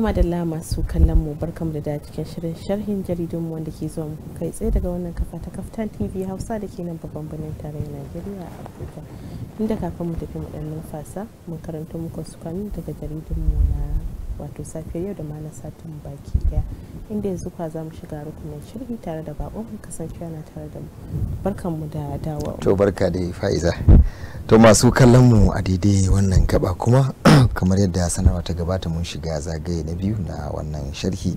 madalla masu kallon mu mu da cikin shirin sharhin jaridun mu wanda ke zuwa muku kai tsaye daga wannan kafa ta kaftan tv hausa da ke nan babban birnin tarayyar nigeria a abuja inda kafin mu tafi mu dan numfasa mun karanta muku su daga jaridun mu na wato safiyar yau da ma na satin baki daya inda yanzu kwa za mu shiga rukunin shirhi tare da bakon kasance yana tare da mu barkan mu da dawo to barka da fa'iza to masu kallon mu a daidai wannan gaba kuma kamar yadda sanarwa ta gabata mun shiga zagaye na biyu na wannan sharhi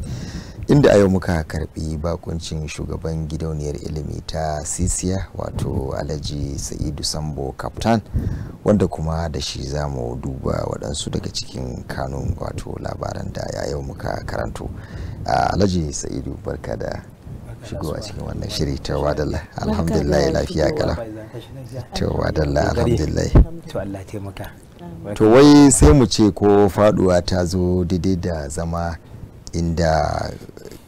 inda a yau muka karbi bakuncin shugaban gidauniyar ilimi ta sisiya wato alhaji sa'idu sambo kaftan wanda kuma da shi za mu duba waɗansu daga cikin kanun wato labaran da ya yau muka karanto alhaji sa'idu barka da shigowa cikin wannan shiri ta wadalla alhamdulillah lafiya kala ta wadalla alhamdulillah to Allah taimaka to wai sai mu ce ko faduwa ta zo daidai da zama inda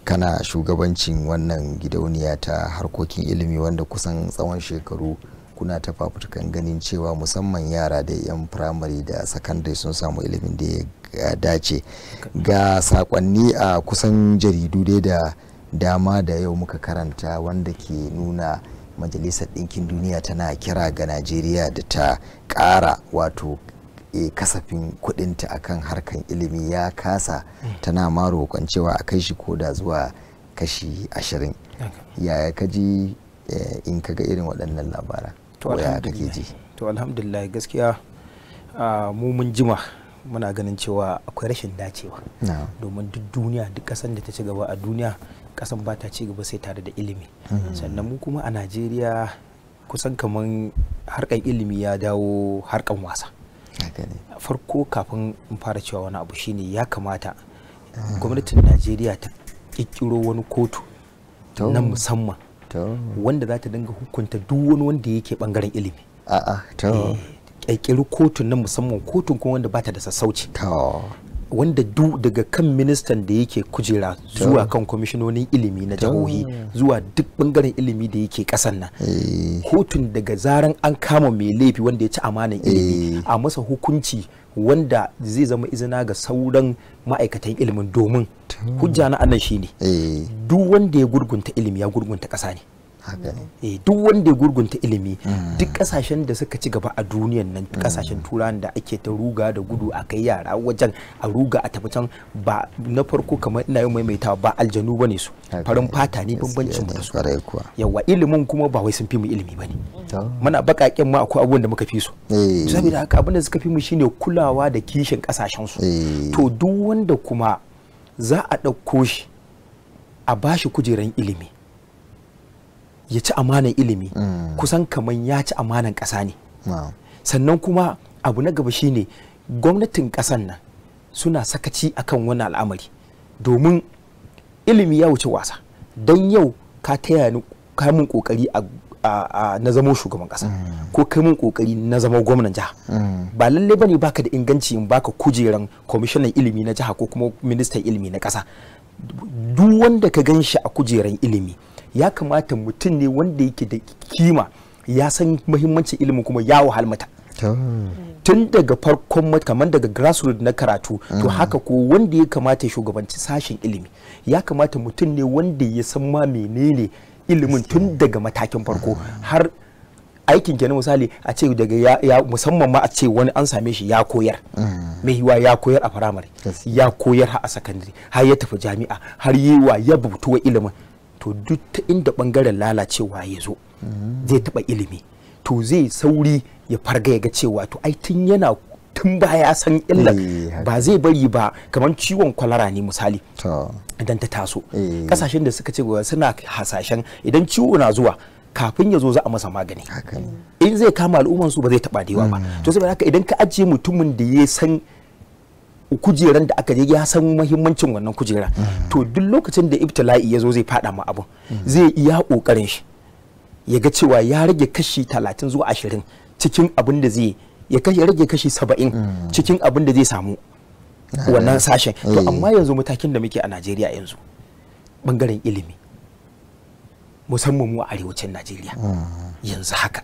kana shugabancin wannan gidauniya ta harkokin ilimi wanda kusan tsawon shekaru kuna ta fafutukan ganin cewa musamman yara da 'yan firamare da sakandare sun samu ilimin da ya dace ga sakonni a kusan jaridu dai da dama da yau muka karanta wanda ke nuna majalisar ɗinkin duniya tana kira ga najeriya da ta ƙara wato kasafin kudinta akan harkan ilimi ya kasa tana ma roƙon a kai shi koda zuwa kashi ashirin yaya ka ji eh, in kaga irin waɗannan labara waya kake ji to alhamdulillah gaskiya ah, mu mun jima muna ganin cewa akwai rashin dacewa domin duk duniya duk ƙasan da ta ci gaba a duniya ƙasan ba ta ci gaba sai tare da ilimi mm-hmm. sannan mu kuma a najeriya kusan kamar harkan ilimi ya dawo harkan wasa farko kafin in fara cewa wani abu shine ya kamata ah. gwamnatin najeriya ta kikkiro wani kotu na musamman wanda za ta dinga hukunta duk wani wanda yake bangaren ilimi a'a to nan eh, kotun na musamman kotun kuma wanda bata da sassauci wanda du daga kan ministan da yake kujera zuwa kan kwamishinonin ilimi na jihohi zuwa duk bangaren ilimi da yake kasan nan eh. kotun daga zaran an kama mai laifi wanda ya ci amanan ilimi eh. a masa hukunci wanda zai zama izina ga sauran ma'aikatan ilimin domin hujja na annan shine eh. duk wanda ya gurgunta ilimi ya gurgunta ƙasa ne Eh, duk wanda ya gurgunta ilimi mm. duk kasashen da suka ci gaba a duniyan nan kasashen mm. turan da ake ta ruga da gudu a kai yara wajen a ruga a tafi can ba na farko kamar ina yin maimaitawa ba aljanu ba ne su farin fata ne bambancin mu da su yawa ilimin kuma ba wai sun fi mu ilimi ba ne muna bakaƙen ma akwai abubuwan da muka fi su eh. saboda haka abin da suka fi mu shine kulawa da kishin kasashen su eh. to duk wanda kuma za a ɗauko shi a bashi kujeran ilimi ya ci amanan ilimi mm. kusan kamar ya ci amanan ƙasa ne sannan kuma abu na gaba shine gwamnatin ƙasan nan suna sakaci akan wani al'amari domin ilimi ya wuce wasa don yau ka taya ni ka kokari a na zamo shugaban ƙasa mm. ko kai mun kokari na zama gwamnan jiha mm. ba lalle bane baka da inganci in baka kujeran kwamishinan ilimi na jiha ko kuma ministan ilimi na ƙasa duk wanda ka ganshi a kujeran ilimi ya kamata mutum ne wanda yake da kima ya san muhimmancin ilimin kuma ya wahal mata tun daga farkon kamar daga grassroots na karatu to mm. haka ko wanda ya kamata shugabanci sashen ilimi ya kamata mutum ne wanda ya san ma menene ilimin tun daga matakin farko har aikin kenan misali a ce daga ya musamman ma a ce wani an same shi ya koyar mm. mai yiwa ya koyar a firamare ya koyar a sakandare har ya tafi jami'a har yi wa ya bubutuwa ilimin to duk ta inda bangaren lalacewa ya zo zai taba ilimi to zai sauri ya farga ya ga cewa to ai tun yana tun baya san illa eh, ba zai bari ba kamar ciwon kwalara ne misali idan ta taso eh. kasashen da suka ce suna hasashen idan ciwo na zuwa kafin ya zo za a masa magani in zai kama al'umman su ba zai taba da yawa ba mm. to sai haka idan ka ajiye mutumin da ya san kujeran da aka je ya san muhimmancin wannan kujera to duk lokacin da ibtila'i ya zo zai fada ma abun zai iya kokarin shi ya ga cewa ya rage kashi 30 zuwa 20 cikin abin da zai ya rage kashi 70 cikin abin da zai samu wannan sashen to eh. amma yanzu matakin da muke a Najeriya yanzu bangaren ilimi musamman mu a arewacin Najeriya hmm. yanzu haka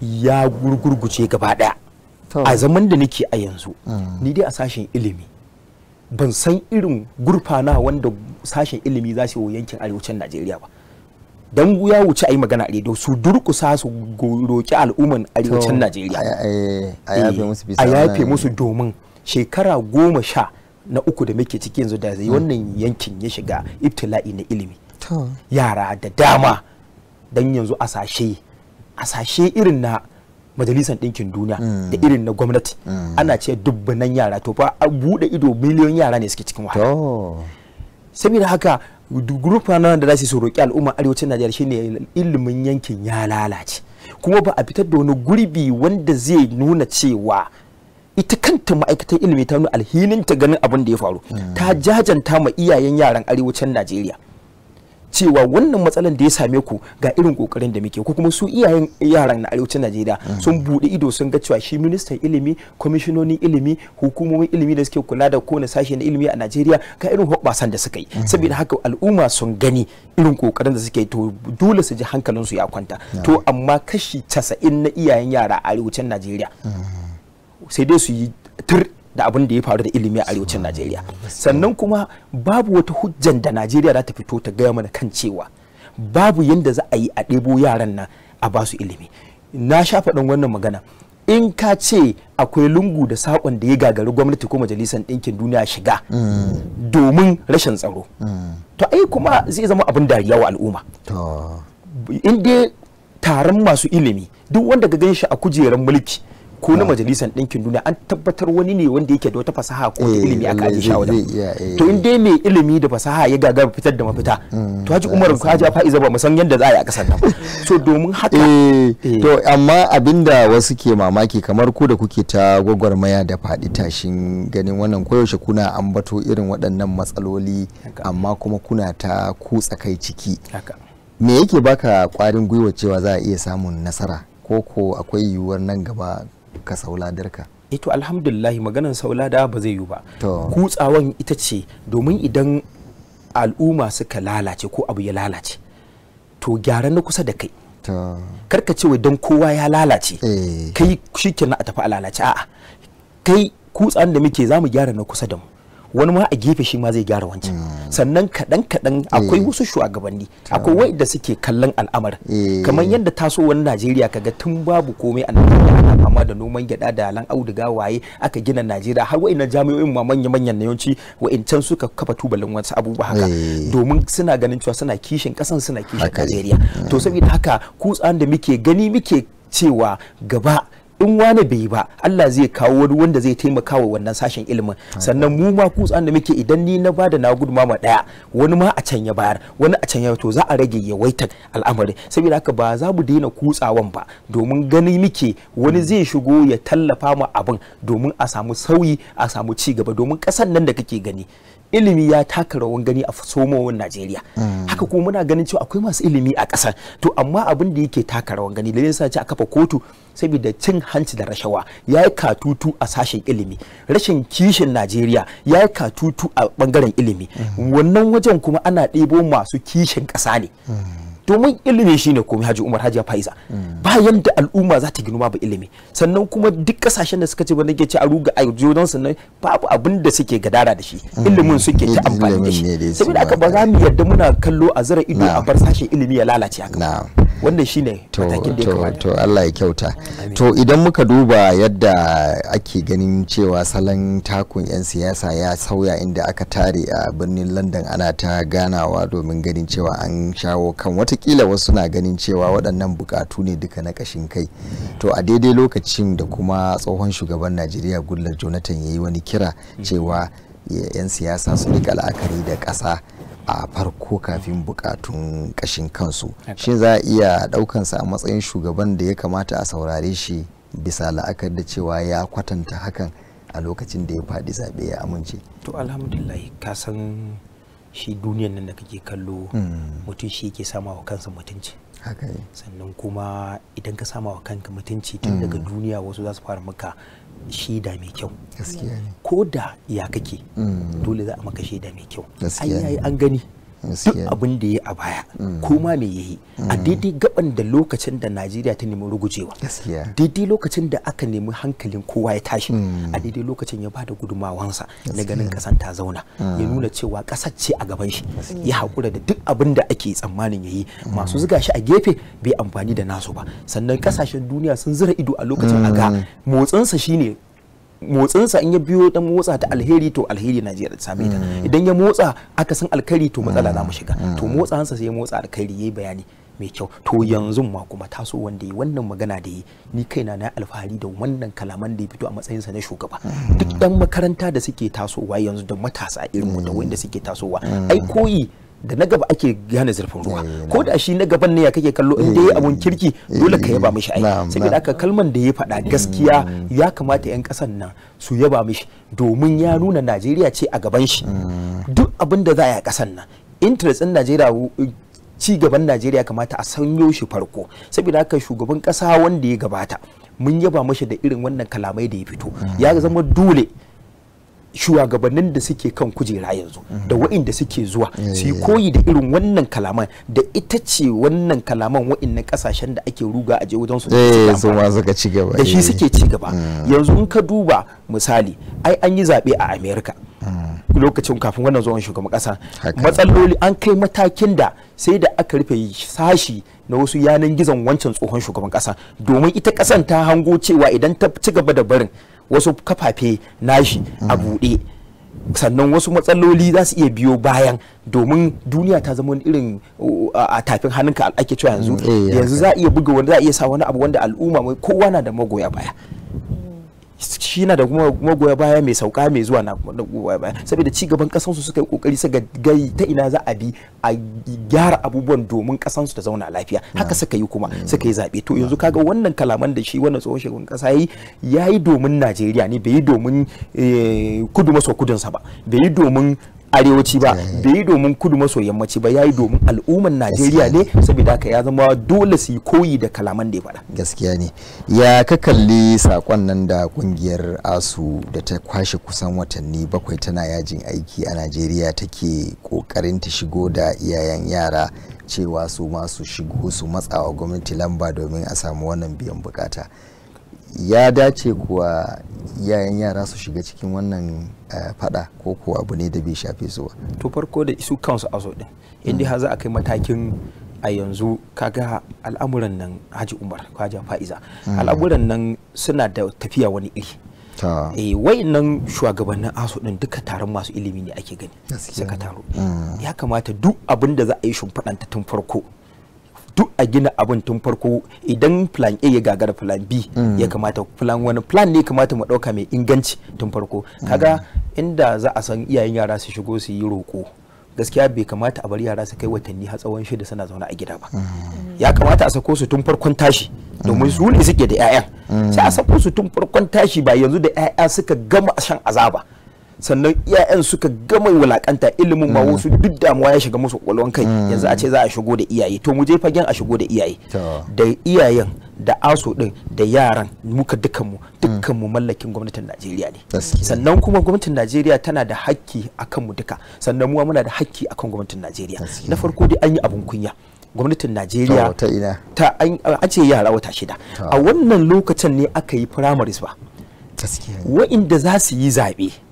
ya gurgurguce gaba daya a zaman da nake a yanzu mm. ni dai a sashen ilimi ban san irin gurfana wanda sashen ilimi za su yankin arewacin najeriya ba don ya wuce a yi magana a rediyo su durkusa su roƙi al'umman arewacin najeriya a eh, yafe musu domin shekara goma sha na uku da muke ciki yanzu da zai mm. wannan yankin ya shiga ibtila'i na ilimi yara da dama don yanzu a sashe irin na majalisar ɗinkin duniya mm. da irin na gwamnati mm. ana ce dubbanan yara to fa a buɗe ido miliyon yara ne suke cikin wahala saboda haka group na da za su roƙi al'umma arewacin najeriya shine ilimin yankin ya lalace kuma ba a fitar da wani gurbi wanda zai nuna cewa ita kanta ma'aikatan ilimi ta nuna alhinin ta ganin abin da ya faru ta mm. jajanta ma iyayen yaran arewacin najeriya cewa wannan matsalan da ya same ku ga irin kokarin da muke ko kuma su iyayen yaran na arewacin Najeriya mm. sun bude ido sun ga cewa shi ministan ilimi kwamishinonin ilimi hukumomin ilimi da suke kula da kowane sashe na ilimi a Najeriya ga irin hobbasan da suka yi mm-hmm. saboda haka al'umma sun gani irin kokarin da suke to dole su ji hankalin su ya kwanta to amma kashi casa'in na iyayen yara a arewacin Najeriya mm-hmm. sai dai su yi da abin da ya faru da ilimi a arewacin Najeriya sannan kuma babu wata hujjan da Najeriya za ta fito ta gaya mana kan cewa babu yadda za a yi a ɗebo yaran nan a basu ilimi na sha faɗin wannan magana in ka ce akwai lungu da saƙon da ya gagari gwamnati ko majalisar ɗinkin duniya shiga mm. domin rashin tsaro mm. to ai kuma zai zama abin dariya wa al'umma in dai taron masu ilimi duk wanda ka gan shi a kujerar mulki ko na majalisar ɗinkin duniya an tabbatar wani ne wanda yake da wata fasaha ko da eh, ilimi aka aje shawara to in dai mai ilimi da fasaha ya gagara fitar da mafita mm, mm, to haji umar ka haji fa'iza ba san yadda za a yi a kasar nan so domin haka eh, eh. to amma abinda wasu ke mamaki kamar ku da kuke ta gwagwarmaya da faɗi tashin ganin wannan koyaushe kuna ambato irin waɗannan matsaloli amma kuma kuna ta kutsa kai ciki me yake baka kwarin gwiwa cewa za a iya samun nasara ko ko akwai yiwuwar nan gaba ka sauladarka ito eh alhamdulillahi maganan saulada ba zai yi ba kutsawan ita ce domin idan al'umma suka lalace ko abu ya lalace to gyara na kusa da kai karka ce wai don kowa ya lalace eh. kai shikenan a tafi a lalace a'a kai kutsan da muke zamu gyara na kusa da mu wani ma a gefe shi ma zai gyara wancan mm. sannan kaɗan kaɗan akwai mm. wasu shugabanni ah. akwai wanda suke kallon al'amarin eh. kamar yadda taso wani najeriya kaga tun babu komai a najeriya ana fama da noman gyada da lan auduga waye aka gina najeriya har waina jami'o'in ma manya manyan yawanci wa'incan suka kafa tubalin wasu abubuwa haka eh. domin suna ganin cewa suna kishin kasan suna kishin najeriya to mm. saboda haka kutsan da muke gani muke cewa gaba in wani bai yi ba Allah zai kawo wani wanda zai taimaka wa wannan sashen ilimin sannan mu ma kutsan da muke idan ni na bada na gudu ma daya wani ma a can ya bayar wani a can ya to za a rage yawaitar al'amari saboda haka ba za mu daina kutsawan ba domin gani muke wani zai shigo ya tallafa mu abin domin a samu sauyi a samu ci gaba domin kasan nan da kake gani ilimi ya taka rawan gani a somowar Najeriya haka kuma muna ganin cewa akwai masu ilimi a ƙasar to amma abin da yake taka rawan gani da yasa ce a kafa kotu saboda cin hanci da rashawa ya yi katutu a sashen ilimi rashin kishin Najeriya ya yi katutu a bangaren ilimi wannan wajen kuma ana ɗebo masu kishin ƙasa ne domin ilimi shine komai haji umar hajiya faiza mm. ba yanda al'umma za ta girma ba ilimi sannan kuma duk kasashen da suka ce wanda ke ci a ruga a jodan sannan babu abin da suke gadara da shi mm. ilimin suke ta amfani da shi saboda haka ba za mu yadda muna kallo a zara ido a bar sashen ilimi ya lalace haka wanda shine to to to Allah ya kyauta to idan muka duba yadda ake ganin cewa salon takun yan siyasa ya sauya inda aka tare a birnin London ana ta ganawa domin ganin cewa an shawo kan watakila wasu suna ganin cewa waɗannan bukatu ne duka na kashin kai to a daidai lokacin da kuma tsohon shugaban Najeriya Goodluck Jonathan yayi wani kira mm. cewa yan siyasa su rika la'akari da ƙasa a farko kafin bukatun kashin kansu shi za a iya daukansa a matsayin shugaban da ya kamata a saurare shi bisa la'akar da cewa ya kwatanta hakan a lokacin da ya faɗi zaɓe ya amince to alhamdulillah ka san shi duniyan nan da kake kallo hmm. mutum shi yake sama wa kansa mutunci sannan kuma idan ka sama wa kanka mutunci tun daga hmm. duniya wasu za su fara maka shaida mai kyau ko da ya kake mm. dole za a maka shaida mai kyau an an gani duk abin da ya a baya ko ma me yayi a daidai gaban da lokacin da najeriya ta nemi rugujewa daidai lokacin da aka nemi hankalin kowa ya tashi hmm. a daidai lokacin ya bada gudumawansa na ganin kasan ta zauna ya hmm. nuna cewa kasar ce a gaban shi ya hakura da duk abin da ake tsammanin yayi hmm. masu zuga shi a gefe bai amfani da nasu ba sannan kasashen duniya sun zira ido a lokacin aga. ga motsinsa shine motsinsa in ya biyo dan motsa ta alheri to alheri na jiyar same ta mm. idan ya motsa aka san alkari to matsala mm. za mu shiga to mm. motsansa sai ya motsa alkari yayi bayani mai kyau to yanzu ma kuma taso wanda yi wannan magana da yi ni kaina na alfahari da wannan kalaman da ya fito a matsayinsa na shugaba duk dan makaranta da suke tasowa yanzu da matasa irin da wanda suke tasowa ai koyi da na gaba ake gane zurfin ruwa eh, ko da shi na gaban ne ya kake kallo in dai eh, abun kirki dole ka yaba mishi aiki saboda aka kalman da ya faɗa gaskiya hmm. ya kamata yan kasan nan su yaba mishi domin ya nuna Najeriya ce a gaban shi hmm. duk abin da za a yi a ƙasan nan interest ɗin Najeriya ci gaban Najeriya kamata a sanyo shi farko saboda haka shugaban kasa wanda ya gabata mun yaba mashi da irin wannan kalamai da ya fito ya hmm. zama dole shugabannin da suke kan kujera yanzu da mhm. wa'inda suke zuwa su yi koyi da irin wannan kalaman da ita ce wannan kalaman wa'innan kasashen da ake ruga a je wajen su eh, da shi eh. suke ci gaba mm. yanzu in ka duba misali ai an yi zaɓe a america mm. lokacin kafin wannan zuwan shugaban kasa matsaloli an kai matakin da sai da aka rufe sashi na wasu yanan gizon wancan tsohon shugaban kasa domin ita kasan ta hango cewa idan ta ci gaba da barin wasu kafafe nashi a mm. buɗe sannan wasu matsaloli za su iya biyo bayan domin duniya ta zama irin uh, a tafin hannunka ake cewa yanzu mm, eh, yanzu za a iya buga wani za a iya sa wani abu wanda al'umma mai kowa na da magoya baya shi na da kuma magoya baya mai sauka mai zuwa na magoya baya saboda ci gaban kasansu suka yi kokari ga gai ta ina za a bi a gyara abubuwan domin kasansu ta zauna lafiya haka mm. suka yi kuma mm. suka yi zabe to yanzu mm. kaga wannan kalaman da shi wannan tsohon shugaban kasa yi yayi domin Najeriya ne bai yi domin eh, kudu maso sa ba bai yi domin arewaci ba eh. bai yi domin kudu maso yammaci ba ya yi domin al'umman najeriya ne saboda haka ya zama dole su yi koyi da kalaman da ya faɗa gaskiya ne ya ka kalli sakon nan da kungiyar asu da ta kwashe kusan watanni bakwai tana yajin aiki a najeriya take kokarin ta shigo da iyayen yara cewa su ma su shigo su matsawa gwamnati lamba domin a samu wannan biyan bukata ya dace kuwa yayan yara su shiga cikin wannan eh, fada ko kuwa abu ne da bai shafe su ba to farko da su kansu azo din inda mm. har za a kai matakin a yanzu kaga al'amuran nan haji umar kwaja fa'iza mm. al'amuran nan suna da tafiya wani iri eh wayannan shugabannin aso din duka taron masu ilimi ne ake gani suka taro mm. ya kamata duk abin da za a yi shimfiɗanta tun farko duk a gina abin tun farko idan plan A ya gagara plan B mm. ya kamata plan wani plan ne kamata mu dauka mai inganci tun farko kaga mm. inda za a san iyayen yara su shigo su yi roko gaskiya bai kamata a bar yara su kai watanni har tsawon shida suna zaune a gida ba mm. ya kamata a sako su tun farkon tashi domin su ne suke da 'ya'yan sai a sako su tun farkon tashi ba yanzu da 'ya'ya suka gama shan azaba sannan iyayen suka gama wulakanta ilimin ma mm. wasu duk damuwa ya shiga musu kwakwalwan kai mm. yanzu a ce za a shigo da iyaye to mu je fagen a shigo da iyaye da iyayen da aso din da yaran muka Dukkan mu mm. mallakin gwamnatin Najeriya ne sannan kuma gwamnatin Najeriya tana da hakki akan mu duka sannan muwa muna da hakki akan gwamnatin Najeriya na farko dai an yi abun kunya gwamnatin Najeriya ta an ce yara wata shida a wannan lokacin ne aka yi primaries ba wa'inda za su yi zaɓe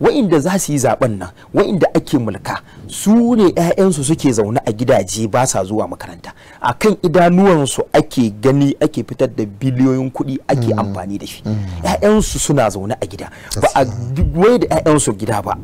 wa'inda za su yi zaben nan wa'inda ake mulka su ne 'ya'yansu suke zaune a gidaje ba sa zuwa makaranta a kan idanuwansu ake gani ake fitar da biliyoyin kuɗi ake mm. amfani da shi 'ya'yansu mm. suna zaune a gida ba a wai da 'ya'yansu gida ba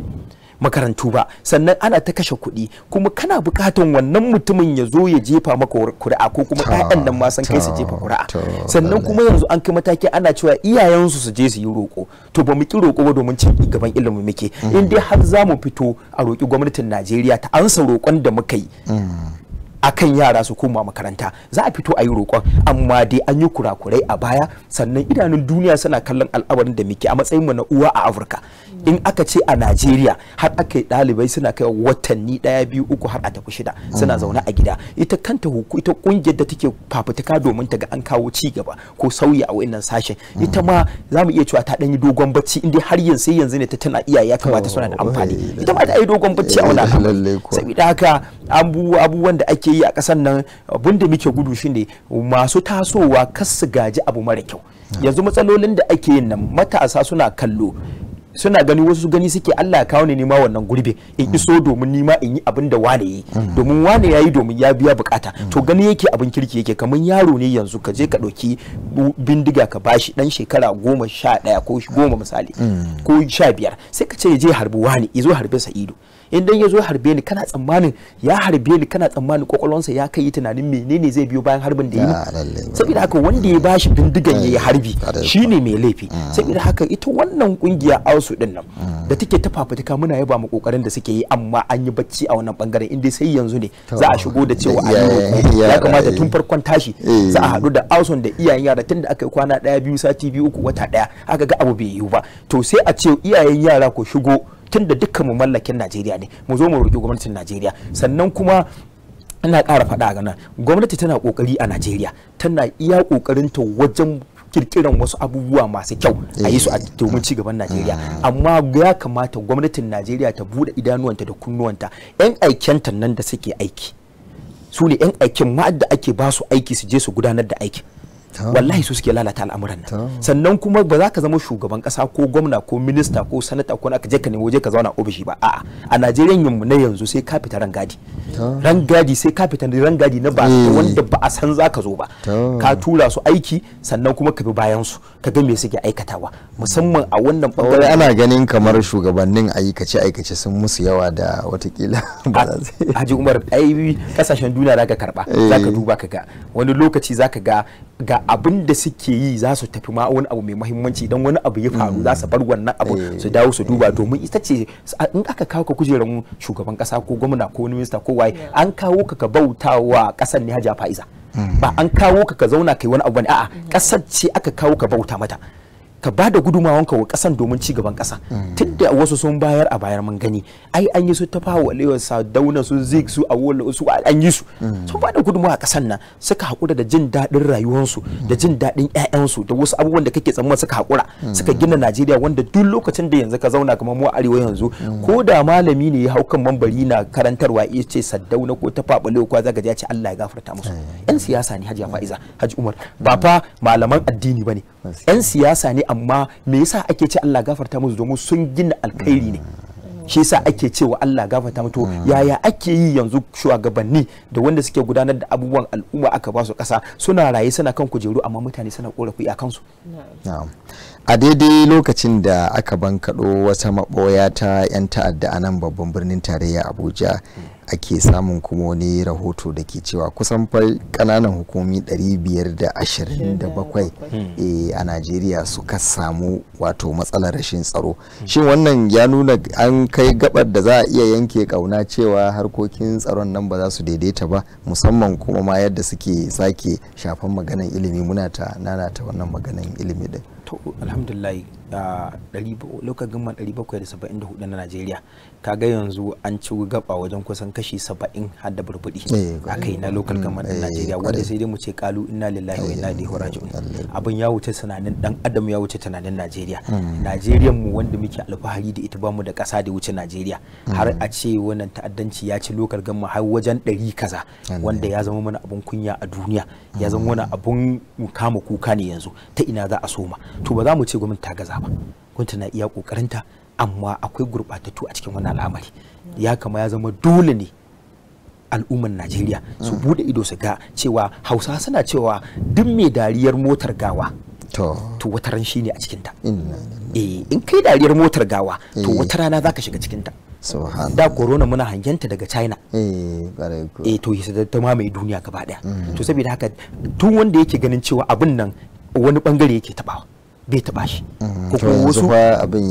makarantu ba sannan ana ta kashe kuɗi kuma kana buƙatan wannan mutumin ya zo ya jefa maka kuri'a ko kuma ƴaƴan nan ma san kai su jefa kuri'a sannan kuma yanzu an kai mataki ana cewa iyayensu su je su yi roƙo to ba mu ki roƙo ba domin cin gaban ilimi muke mm. in dai har za mu fito a roƙi gwamnatin Najeriya ta ansa roƙon da muka yi mm. akan yara su koma makaranta za a fito a yi roƙon amma dai an yi kurakurai a baya sannan idanun duniya suna kallon al'amarin da muke a matsayin mu na uwa a Afirka in aka ce a Najeriya har aka yi ɗalibai suna kai watanni ɗaya biyu uku har a tafi shida suna zaune a gida ita kanta huku ita kungiyar da take fafutuka domin ta ga an kawo ci gaba ko sauyi a wannan sashen ita ma za mu iya cewa ta ɗan yi dogon bacci inda har yanzu yanzu ne ta tana iyaye ya kamata suna da amfani ita ma ta yi dogon bacci a wannan Sabida haka abubuwan da ake yi a ƙasar nan abinda muke gudu shine masu tasowa kas su gaji abu mara kyau yanzu matsalolin da ake yin nan matasa suna kallo suna gani wasu gani suke Allah ya kawo ni nima wannan gurbe in iso domin nima in yi abin da wane yi domin wane ya domin ya biya bukata to gani yake abin kirki yake kaman yaro ne yanzu ka je ka ɗauki bindiga ka bashi dan shekara goma sha ɗaya ko goma misali mm. ko sha biyar sai ka ce ya je harbi wane izo harbe sa dan ya zo harbe ni kana tsammanin ya harbe ni kana tsammanin kwakwalwansa ya kai tunanin menene zai biyo bayan harbin da yi saboda haka wanda ya bashi bindigan ya yi harbi shine mai laifi mm. saboda haka ita wannan kungiya ausu din nan mm. da take ta fafutuka muna yaba mu kokarin da suke yi amma an yi bacci a wannan bangaren inda sai yanzu ne za a shigo da cewa ya kamata tun farkon tashi eh. za a haɗu da ausun da iyayen yara tun da aka yi kwana daya biyu sati biyu uku wata daya aka ga abu bai yiwu ba to sai a ce iyayen yara ko shigo tun da dukkan mu mallakin Najeriya ne mu zo mu roki gwamnatin Najeriya sannan kuma ina ƙara faɗa ga nan gwamnati tana ƙoƙari a Najeriya tana iya ta wajen kirkiran wasu abubuwa masu kyau a yi su a eh. domin ci gaban Najeriya mm. amma ya kamata gwamnatin Najeriya ta bude idanuwanta da kunnuwanta yan aikenta nan da suke aiki su ne yan aikin ma'ad da ake ba su aiki su je su gudanar da aiki. wallahi su suke lalata al'amuran nan sannan kuma ba za ka zama shugaban kasa ko gwamna ko minista ko sanata ko ka je ka nemo je ka zauna ofishi ba a'a a Najeriya yanzu na yanzu sai ka fita rangadi rangadi sai ka fita rangadi na ba eh. wanda ba a san za ka zo ba ka tura su aiki sannan kuma ka bi bayan su ka ga me suke aikatawa musamman a wannan bangare ana ganin kamar shugabannin aikace aikace sun musu yawa da watakila Haji Umar ai kasashen duniya zaka karba zaka eh. duba ka ga wani lokaci zaka ga ga abin da suke yi za su tafi ma wani abu mai muhimmanci idan wani abu ya faru za su bar wannan abu eh. su dawo su duba domin ita ce in aka kawo ka kujerar shugaban kasa ko gwamna ko minista ko waye an kawo ka ka bautawa kasan ne hajja fa'iza ba hmm. an kawo ka ka zauna kai wani abu ne a'a kasar hmm. ce aka kawo ka bauta mata ka ba da gudumawanka wa kasan domin ci gaban kasa hmm. tun da wasu sun bayar a bayar mun gani ai an yi su ta lewa sa dauna su zig su a su an yi su hmm. sun ba da gudumawa a kasan nan suka hakura da jin daɗin rayuwarsu da jin daɗin ƴaƴansu da wasu abubuwan da kake tsammani suka hakura hmm. suka gina Najeriya wanda duk lokacin da yanzu ka zauna kamar mu a arewa yanzu ko da malami ne ya hau kan mambari na karantarwa ya ce saddauna ko ta faɓa ko zaka ji ya ce Allah ya gafarta musu eh, yan siyasa ne Hajiya Fa'iza Haji Umar ba fa malaman addini bane yan siyasa ne amma me yasa ake ce Allah gafarta musu domin sun gina alkhairi ne shi yasa ake cewa Allah gafarta to yaya ake yi yanzu shugabanni da wanda suke gudanar da abubuwan al'umma aka ba su kasa suna raye suna kan kujeru amma mutane suna korafi a kansu a daidai lokacin da aka bankaɗo wata maɓoya ta 'yan ta'adda a nan babban birnin tarayya abuja ake samun kuma wani rahoto da ke cewa kusan far kananan hukumi 527 a najeriya suka samu wato matsalar rashin tsaro hmm. shin wannan ya nuna an kai gabar da za a iya yanke kauna cewa harkokin tsaron nan ba za su daidaita ba musamman kuma ma yadda suke sake shafan maganan ilimi muna ta ta wannan maganan ilimi din to local government 774 na Najeriya kaga yanzu an ci gaba wajen kusan kashi 70 har da burbudi eh, a kai na local mm, government na eh, Najeriya wanda sai dai mu ce kalu inna lillahi wa eh, inna ilaihi raji'un abin ya wuce tunanin dan adam ya wuce tunanin Najeriya mm. Najeriyan mu wanda muke alfahari da ita bamu da kasa da wuce Najeriya mm. har a ce wannan ta'addanci ya ci local government har wajen 100 kaza wanda ya zama mana abun kunya a duniya ya zama wani abun kama kuka ne yanzu ta ina za a soma to ba za mu ce gwamnati ta gaza ba kun na iya kokarinta amma akwai gurbatattu a cikin wannan al'amari ya kama ya zama dole ne al'umman najeriya su mm. bude ido su ga cewa hausa suna cewa duk mai dariyar motar gawa to wata ran shine a cikinta eh in kai dariyar motar gawa to eh. wata rana zaka shiga cikinta da corona muna hangenta daga china eh, eh to da ta mai duniya gaba daya mm. to saboda haka duk wanda yake ganin cewa abin nan wani bangare yake tabawa bai taba shi mm-hmm. ko kuma wasu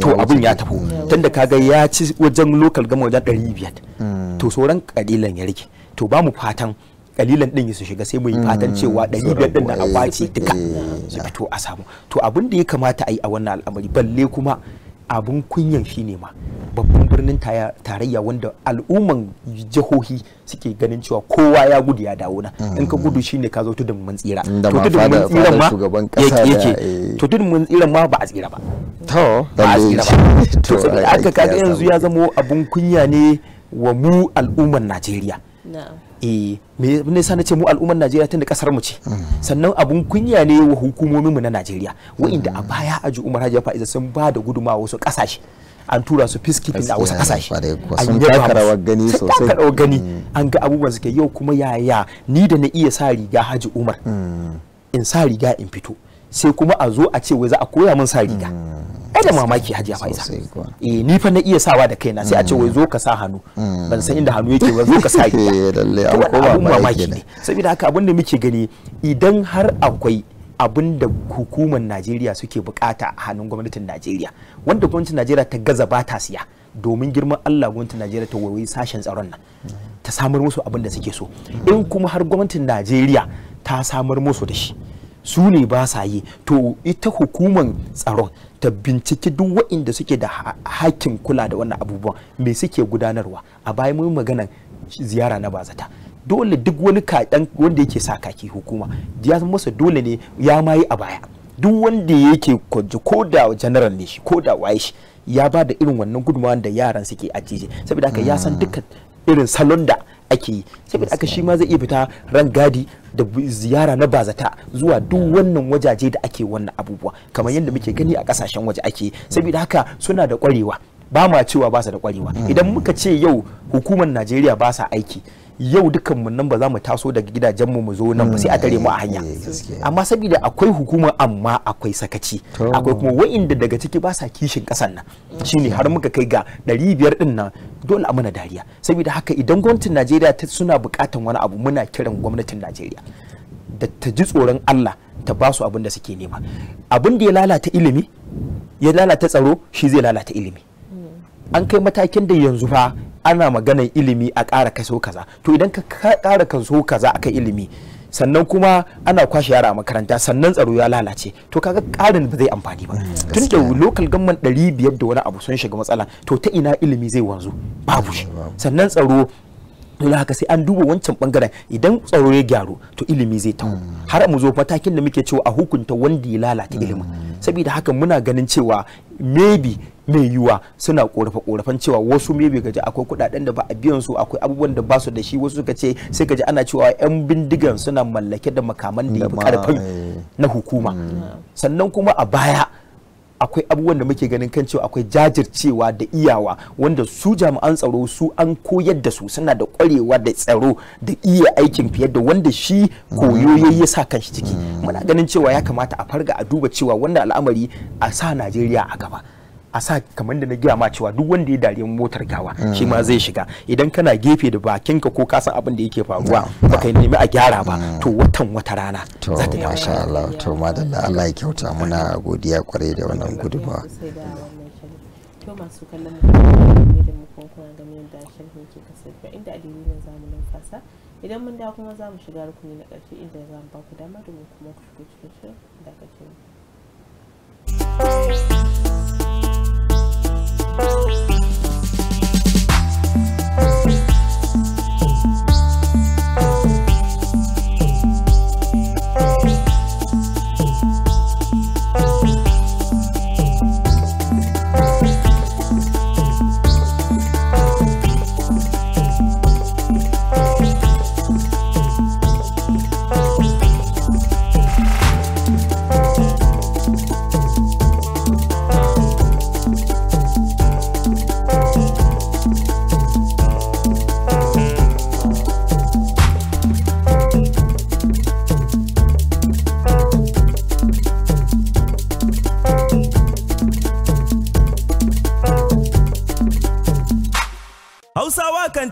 to abin ya tafi tunda kaga ya ci wajen local gama wajen 500 mm. to sauran kalilan ya rike to ba mu fatan kalilan din su shiga sai mu yi fatan mm. cewa 500 din na a duka eh. su fito a samu to abin da ya kamata a yi a wannan al'amari balle kuma abun kunyan shi ne ma babban birnin tarayya wanda al'umman jihohi suke ganin cewa kowa ya gudu ya dawo na in ka gudu shine ka zo tudun mun tsira to tudun mun tsira ma yake eh. to tudun mun tsira ma ba a tsira ba to ba a tsira ba to saboda kaga yanzu ya zama abun kunya ne wa mu al'umman Najeriya eh me nisa na mu al'ummar Najeriya tun da kasar mu ce mm. sannan abun kunya ne wa hukumomin mu na Najeriya wa'inda a mm. baya aji Umar Hajiya Fa'iza sun ba da gudumawa wasu kasashe an tura su peacekeeping a wasu kasashe an yi gani sosai gani mm. an ga abubuwan suke yau kuma yaya ni da na iya sa riga Haji Umar in sa riga in fito sai kuma a zo a ce wai za a koya min sa riga mm. ai da mamaki hajiya fa'iza eh ni fa na iya sawa da kaina sai a ce wai mm. zo ka sa hannu mm. ban san inda hannu yake ba zo ka sa riga eh, lalle mamaki ne saboda haka abin da muke gani idan har akwai abin da hukumar Najeriya suke bukata a hannun gwamnatin Najeriya wanda gwamnatin Najeriya ta gaza ba ta siya domin girman Allah gwamnatin Najeriya ta wayoyi sashen tsaron nan ta samar musu abin da suke so in kuma har gwamnatin Najeriya ta samar musu da shi su ne ba sa yi to ita hukumar tsaron ta binciki duk waɗanda suke da hakkin kula da wannan abubuwan me suke gudanarwa a bayan mun magana ziyara na bazata dole duk wani kaɗan wanda yake sa kaki hukuma ya masa dole ne ya mayi a baya duk wanda yake kwanci ko da general ne shi ko da waye shi ya ba da irin wannan gudunmawar da yaran suke ajiye saboda haka ya san dukkan mm. irin salon da ake yi saboda aka shi ma zai iya fita ran gadi da ziyara na bazata zuwa duk wannan wajaje da ake wannan abubuwa kamar yadda muke gani a kasashen waje ake yi saboda haka suna da kwarewa ba ma cewa ba su da kwarewa idan muka ce yau hukumar najeriya ba sa aiki yau dukan mu nan ba za mu taso daga gidajen mu mu zo nan ba mm. sai a tare mu a hanya eh, amma saboda akwai hukuma amma akwai sakaci akwai kuma wa'inda daga ciki ba sa kishin kasan nan shine har muka kai ga 500 din nan dole a mana dariya saboda haka idan gwamnatin Najeriya suna bukatan wani abu muna kiran gwamnatin Najeriya da ta ji tsoron Allah ta ba su abin da suke nema abin da ya lalata ilimi ya lalata tsaro shi zai lalata ilimi mm. an kai matakin da yanzu fa ana maganar ilimi a ƙara kaso kaza to idan ka ƙara kaso kaza a kai ilimi sannan kuma ana kwashe yara a makaranta sannan tsaro ya lalace to kaga ƙarin ba zai amfani ba mm, tun da local government ɗari biyar da wani abu sun shiga matsala to ta ina ilimi zai wanzu babu shi sannan tsaro dole haka sai an duba wancan bangaren idan tsaro ya gyaru to ilimi zai taho mm. har mu zo matakin da muke cewa a hukunta wanda ya lalata ilimin mm. saboda haka muna ganin cewa maybe mai yiwa suna korafa korafan cewa wasu maybe gaji akwai kudaden da ba a biyan su akwai abubuwan da ba su da shi wasu suka ce sai gaji ana cewa yan bindigan suna mallake da makaman da ya fi karfin eh. na hukuma mm. sannan kuma a baya akwai abubuwan da muke ganin kan cewa akwai jajircewa da iyawa wanda su jami'an tsaro su an koyar da su suna da kwarewa da tsaro da iya aikin fiye da wanda shi koyo mm. ya yi sa kanshi ciki mm. muna ganin cewa ya kamata a farga a duba cewa wannan al'amari a sa Najeriya a gaba a sa kamar da na gaya ma cewa duk wanda ya dariya motar gawa shi ma zai shiga idan kana gefe da bakinka ko ka san abin da yake faruwa baka yi nemi a gyara ba mm. to watan wata rana za ta masha Allah to madalla Allah ya kyauta muna godiya kwarai da wannan gudunmawa to masu kallon mu da mu kuma game da sharhin ke kasance inda adini ne zamu nan fasa idan mun da kuma zamu shiga rukuni na karshe inda zamu ba ku dama domin kuma ku shigo cikin shirin da kake Thank you. oh.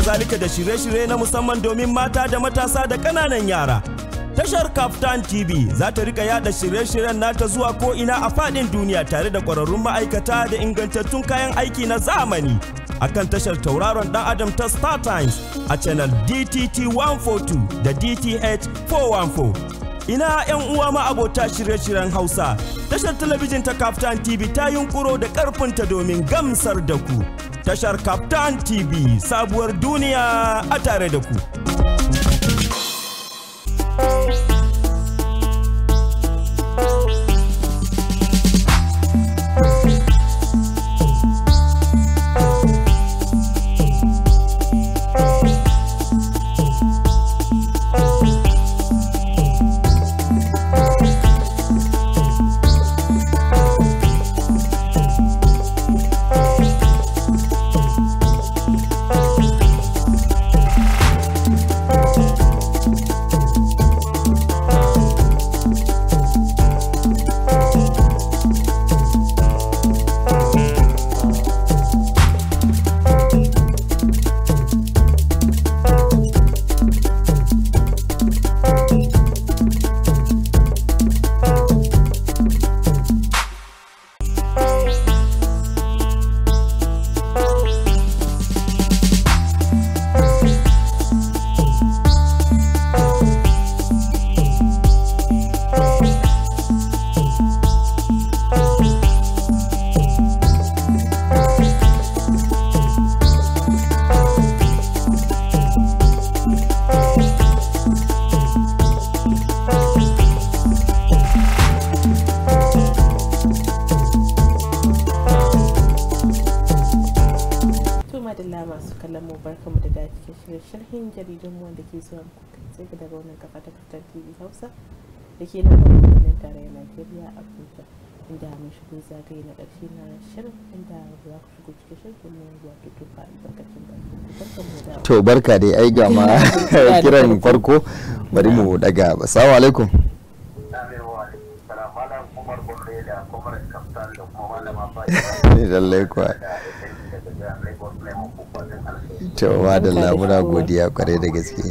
kazalika da shirye-shirye na musamman domin mata da matasa da kananan yara. Tashar Kaftan TV za ta rika yada shirye-shiryen nata zuwa ina a fadin duniya tare da ƙwararrun ma'aikata da ingantattun kayan aiki na zamani. Akan tashar tauraron ɗan Adam ta Star Times a channel DTT 142 da DTH 414. Ina 'yan uwa ma abota shirye-shiryen Hausa, tashar talabijin ta Kaftan TV ta yunkuro da ƙarfinta domin gamsar da ku. Tashar Kaftan TV sabuwar duniya a tare da ku. zuwa muku kai ka daga wannan kafa ta kafa tv hausa da ke nan babban birnin tarayyar najeriya abuja inda mun shigo zagaye na ƙarshe na shirin inda za ku shigo cikin shirin domin wato tufa albarkacin baki to barka dai ai ga ma kiran farko bari mu daga assalamu alaikum da laikwa. to da lamuna godiya kwarai da gaske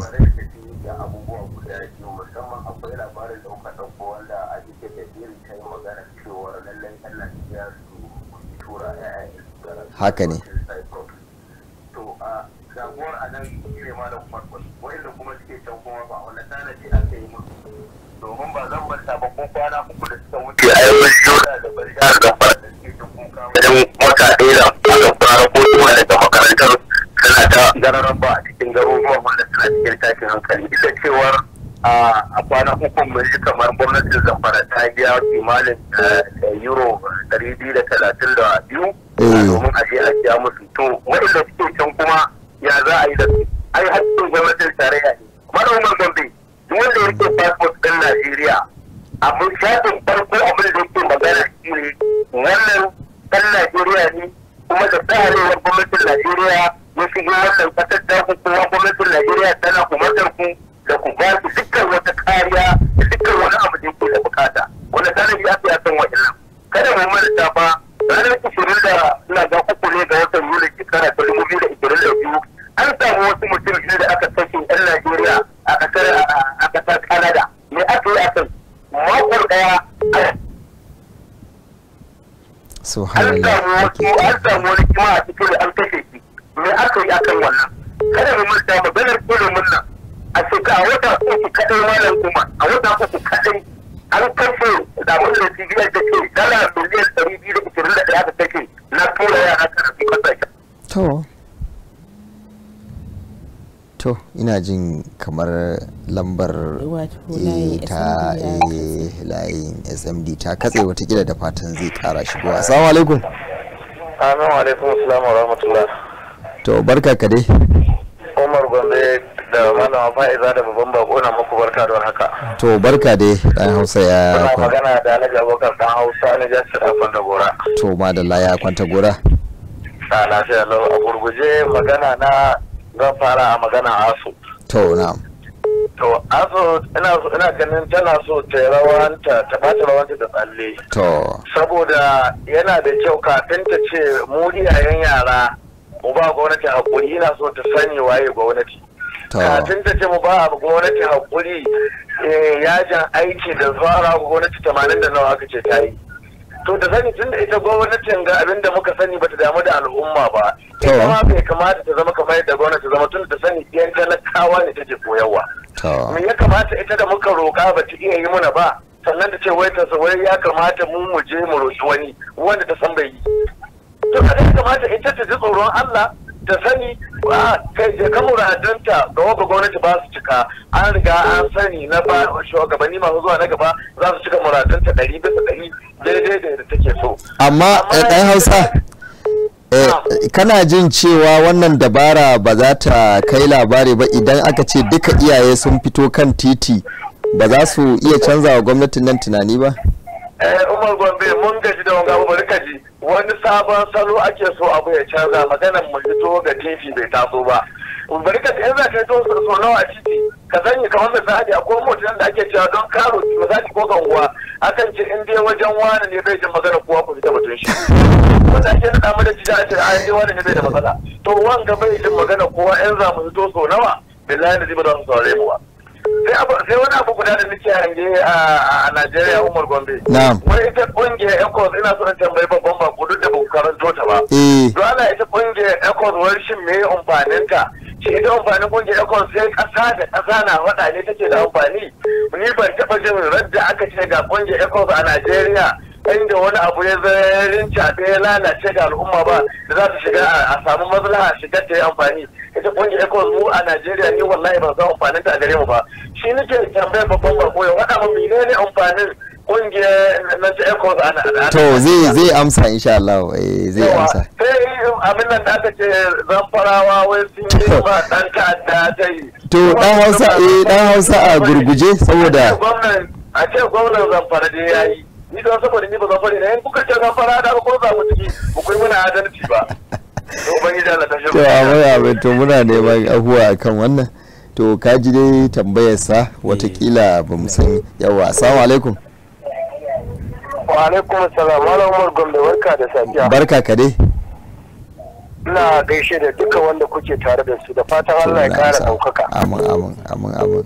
haka ne domin ba zan da suka wuce a da bari da fara da suke cikin kawo da makarantar suna ta gararan ba a cikin garuruwan wanda suna cikin tashin hankali ita cewar a kwanan uku mun ji kamar gwamnatin zamfara ta biya kimanin eh, euro ɗari biyu da talatin da biyu eh. domin a a biya musu to waɗanda suke can kuma ya za a yi da su ai hakkin gwamnatin tarayya ne manoman gombe duk wanda yake passport ɗin najeriya abin shafin farko abin da yake magana shi ne wannan ɗan najeriya ne kuma da tsarin gwamnatin najeriya mun shigo wannan ƙasar ta ku kuma gwamnatin Najeriya tana kumatar ku da ku ba ku dukkan wata kariya da dukkan wani abu da yake da bukata wanda tanadi ya fiya san wa'annan kada mu manta ba ranar ishirin da ina ga uku ne ga watan Yuli shekara ta dubu biyu da ishirin da biyu an samu wasu mutum biyu da aka kashe 'yan Najeriya a ƙasar a ƙasar Canada me aka yi a kan makon ɗaya an samu wani kima a cikin an kashe me aka yi akan wannan kada mu manta maganar ilimin muna a shekara a wata uku kadai malam kuma a wata uku kadai an kafe da wanda cibiyar ta ke dala miliyan ɗari biyu da ishirin da ɗaya ta kashe na tura yara karatu kasashen. to to ina jin kamar lambar eh, ta eh, layin smd ta katse watakila da fatan zai kara shigowa assalamu alaikum assalamu alaikum assalamu rahmatullah to barka ka dai umar gombe da malama fa'iza da babban bako na muku barka don haka to barka dai ɗan hausa ya kwan magana da alhaji abokar ɗan hausa ne ya ci da kwanta gora to ma da ya kwanta gora na lafiya lau a gurguje magana na zan fara a magana asu to na to aso ina ganin tana so ta rawanta ta bata rawanta da tsalle to saboda yana da kyau kafin ta ce mu iyayen yara mu ba gwamnati hakuri ina so ta sani waye gwamnati kafin ta ce mu ba gwamnati hakuri ya eh, yajin aiki da fara gwamnati tamanin da nawa aka ce ta yi to da sani tunda ita gwamnatin ga abin da muka sani bata damu da al'umma ba ita ma bai kamata ta zama kamar yadda gwamnati zama tun da sani yan talakawa ne ta take koyarwa me ya kamata ita da muka roƙa ba ta iya yi mana ba sannan ta ce wai ta wai ya kamata mu mu je mu roƙi wani wanda ta san bai yi to kada ya kamata ita ta ji tsoron Allah ta sani ba kai ka ga da wata gwamnati ba su cika an riga an sani na ba shugabanni masu zuwa na gaba za su cika muradanta ɗari bisa ɗari daidai da ta take so. amma eh, ɗan hausa eh, ah. kana jin cewa wannan dabara ba za ta kai labari ba idan aka ce duka iyaye sun fito kan titi ba za su iya canza wa gwamnatin nan tunani ba? Eh, umar gombe mun gaji da wanga mu kaji wani sabon salo ake so abu ya canza maganar mu fito ga tv bai taso ba barka ka in ka to so nawa a titi ka yi kamar misali a kuma mutum da ake cewa don karo misali ko uwa? akan ce in dai wajen wani ne bai jin magana kowa ku fita mutum shi wanda ake nada mu da jija a ce a wani ne bai da matsala to wanga bai jin magana kowa in za mu fito so nawa billahi zai ba da mu ba sai wani abu guda da nake hange a Najeriya Umar Gombe. Na'am. Wani ita kungiyar Ecos, ina son tambayi babban bako duk da ba karanto ta ba. Eh. Dole ita kungiyar Ecos wani shin me amfanin ta? Shi ita amfanin kungiyar Ecos sai ƙasa da ƙasa na faɗa ne take da amfani. Ni ban taɓa jin radda aka ce ga kungiyar Ecos a Najeriya. inda wani abu ya zarin caɓe ya lalace ga al'umma ba da za su shiga a samu maslaha shigar ta yi amfani ita kungiyar ECOWAS mu a Najeriya ni wallahi za a amfani ta a gare mu ba shi nake tambayar babban bako ya wada mun menene amfanin kungiyar na ta ECOWAS a to zai zai amsa insha Allah eh zai amsa sai abin nan da aka ce farawa wai sun yi ba dan da ta yi to dan Hausa eh dan Hausa a gurguje saboda a ce gwamnan zamfara da ya yi ni don saboda ni ba zamfara ne in kuka ce zamfara da ko za mu ciki ku kai na adalci ba to amai abin to muna neman ahuwa kan wannan to ka ji dai tambayar sa watakila eh. ba mu san yawa assalamu alaikum wa alaikum salam malam umar gombe barka da safiya barka ka dai ina gaishe da duka wanda kuke tare da su da fatan Allah ya kara daukaka amin amin amin amin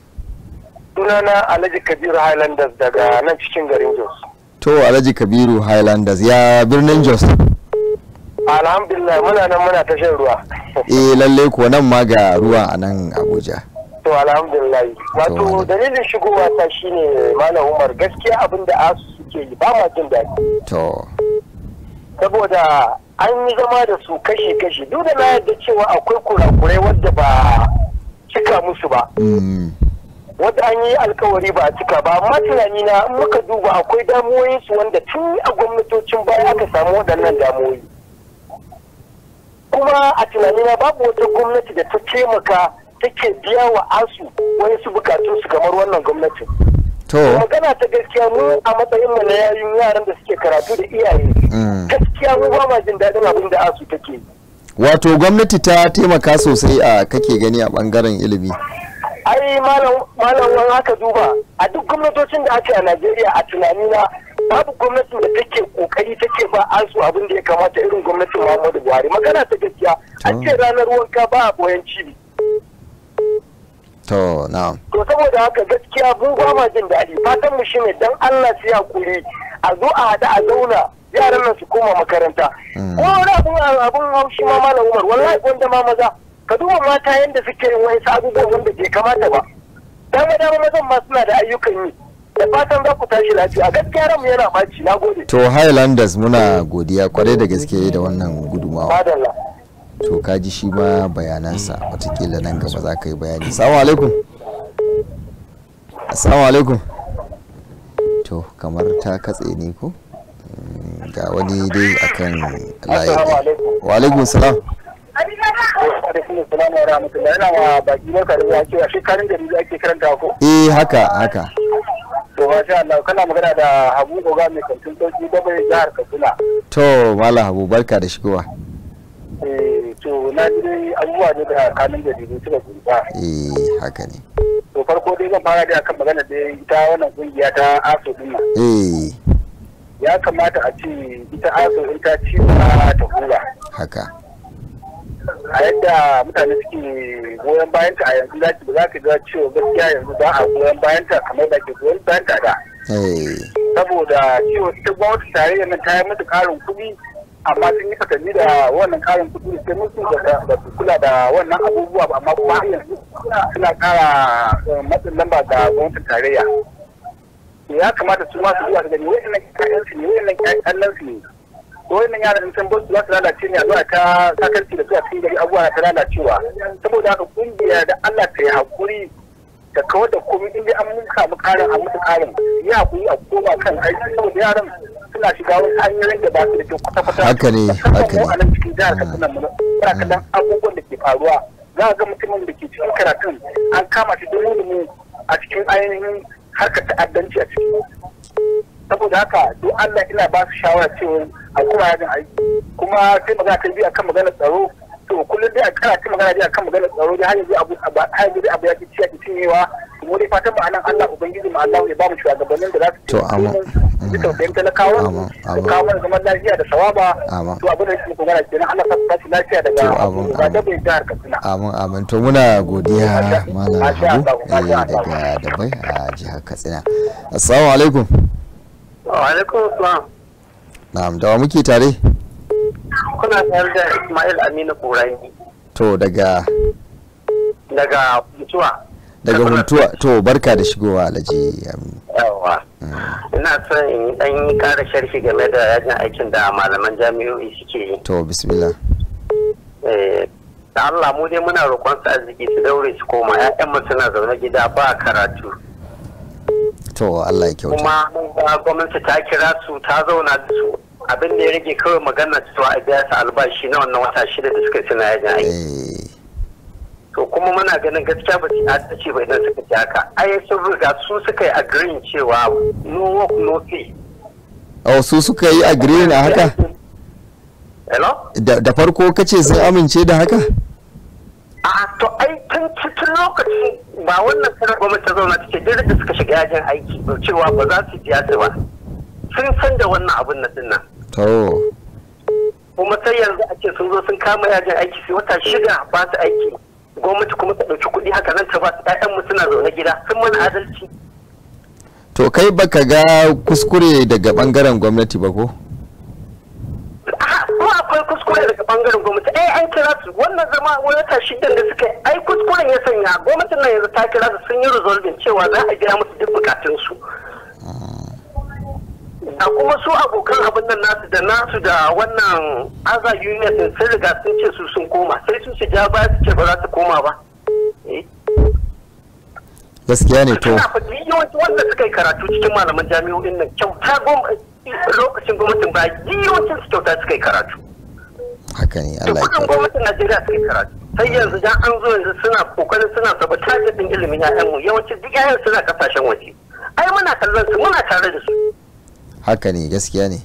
sunana Alhaji Kabiru Highlanders daga nan cikin garin Jos to Alhaji Kabiru Highlanders ya birnin Jos alhamdulillah muna nan muna ta shan ruwa eh lalle ko nan ma ga ruwa a nan abuja to alhamdulillah wato dalilin shigowa ta shine malam umar gaskiya abinda asu suke yi ba ma jin daɗi to saboda an yi zama da su kashe kashe duk da na yadda cewa akwai kurakurai wadda ba cika musu ba mm. wadda an yi alkawari ba cika ba amma tunani na muka duba akwai damuwoyinsu wanda tun a gwamnatocin baya aka samu waɗannan damuwoyi kuma a tunanina babu wata gwamnati da ta taimaka take biya wa asu wani su bukatu su kamar wannan gwamnati. to magana ta gaskiya mu a matsayin mu na yayin yaran da suke karatu da iyaye mm. gaskiya mu ba ma jin daɗin abin da asu take wato gwamnati ta taimaka sosai a kake gani a bangaren ilimi ai malam malam wani haka duba a duk gwamnatocin da ake a Najeriya a tunanina babu gwamnatin da take kokari take ba asu abin da ya kamata irin gwamnatin Muhammadu Buhari magana ta gaskiya an ce ranar wanka ba a boyan cibi to na'am to saboda haka gaskiya mu ba ma jin daɗi fatan mu shine dan Allah su yakuri a zo a hada a zauna yaran nan su koma makaranta mm. ko wani abun abun haushi ma malam Umar wallahi wanda ma maza ka duba mata yanda suke yin wani abubuwan wanda bai kamata ba dama dama mazan ma suna da ayyukan yi da fatan za ku tashi lafiya gaskiya ranmu yana maci na gode to highlanders muna godiya kwarai da gaske da wannan gudumawa to ka ji shi ma bayanansa watakila nan gaba za ka yi bayani assalamu alaikum assalamu alaikum to kamar ta katse ne ko mm, ga wani dai akan layi wa alaikum salam eh haka haka To masha Allah kana magana da Habu Oga mai kantin sauki da bai jihar Katsina. To Malam Habu barka da shigowa. Eh to na ji abubuwa ne da kanin jaridu suka gurba. Eh haka ne. To farko dai zan fara da akan magana da ita wannan kungiya ta ASO din Eh. Ya kamata a ce ita ASO in ta ci ta hura. Haka. a yadda mutane suke goyon bayanta a yanzu zaki ba za ka ga cewa gaskiya yanzu ba a goyon bayanta kamar da ke goyon bayanta da eh. saboda cewa ita gwamnati tarayyar nan ta yi mata karin kuɗi amma sun yi fatanni da wannan karin kuɗi da sai musu da su kula da wannan abubuwa ba amma kuma yanzu suna kara eh, matsin lamba ga gwamnati tarayya ya kamata su ma su zuwa su gani wa'annan su ne wa'annan su ne wannan yaran in san ba su za ta lalace ne a zuwa ta sakarci da zuwa cikin gari abuwa ta lalacewa saboda haka kungiya da Allah ta yi hakuri da kawar da komai in dai an muka mu karin a musu karin ya hakuri a koma kan aiki saboda yaran suna shiga wani hanyoyin da ba su da kyau kwata-kwata haka ne haka ne a nan cikin jihar Katsina mu muna mm. kadan abubuwan da ke faruwa za ga mutumin da ke cikin karatun an kama shi don mu a cikin ainihin harkar ta'addanci a ciki saboda haka duk Allah ina ba su shawara cewa a kuma yajin aiki kuma sai magana bi a kan magana tsaro to kullum dai a kana ta magana dai kan magana tsaro dai har yanzu abu har yanzu abu ya ci ya ci cinyewa mu dai fatan ma'anan Allah ubangiji ma Allah ya ba mu shugabannin da za su to amma da tausayin talakawa da kawo zaman lafiya da sawaba to abin da yake magana kenan Allah ka tashi lafiya daga ba da bai jihar Katsina amin amin to muna godiya malam Habu eh, daga Dabai a jihar Katsina assalamu alaikum salam na'am da wa muke tare kuna tare da ismail aminu kurai to daga daga mutuwa daga mutuwa. to barka da shigowa alhaji yawa mm. ina son in dan yi ƙara sharhi game da yajin aikin da malaman jami'o'i suke yi to bismillah eh da Allah mu dai muna roƙon su arziki su daure su koma ƴaƴan mu suna zaune gida ba karatu to Allah ya kyauta kuma gwamnati ta kira su ta zauna da su abin da ya rage kawai magana cewa a biya su albashi na wannan wata shida da suka suna ya aiki eh. to kuma muna ganin gaskiya ba ta tace ce ba idan suka ji haka ai sun riga su suka yi agreeing cewa no work no pay oh su suka yi agreeing a haka hello da farko kace sun amince da haka A'a to ai tun cikin lokaci ba wannan sanar gwamnati ta zauna take duk da suka shiga yajin aiki ba cewa ba za su biya ba. Sun san da wannan abin na dinnan. To. Kuma sai yanzu ake sun zo sun kama yajin aiki sai wata shida ba su aiki. Gwamnati kuma ta ɗauki kuɗi haka nan ta ba su ƴaƴanmu suna zaune gida sun mana adalci. To kai baka ga kuskure daga ɓangaren gwamnati ba ko? ta bangaren gwamnati ai eh, an kira su wannan zama wata shidan da suka ai kuskuren ya sanya gwamnatin nan yanzu ta kira su sun yi resolving cewa za a gina musu duk bukatun su a kuma su abokan abin nan nasu da nasu da wannan aza union din sun riga sun ce su sun koma sai sun shiga ba su ce ba za su koma ba eh. gaskiya ne to yawanci wanda suka yi karatu cikin malaman jami'o'in nan kyauta lokacin gwamnatin ba yawancin su kyauta suka yi karatu haka ne Allah ya Kuma gwamnatin Najeriya suke karatu sai yanzu dan an zo yanzu suna kokarin suna saba din ilimin 'ya'yanmu mu yawanci duk yayan suna kasashen waje ai muna kallon su muna tare da su haka ne gaskiya ne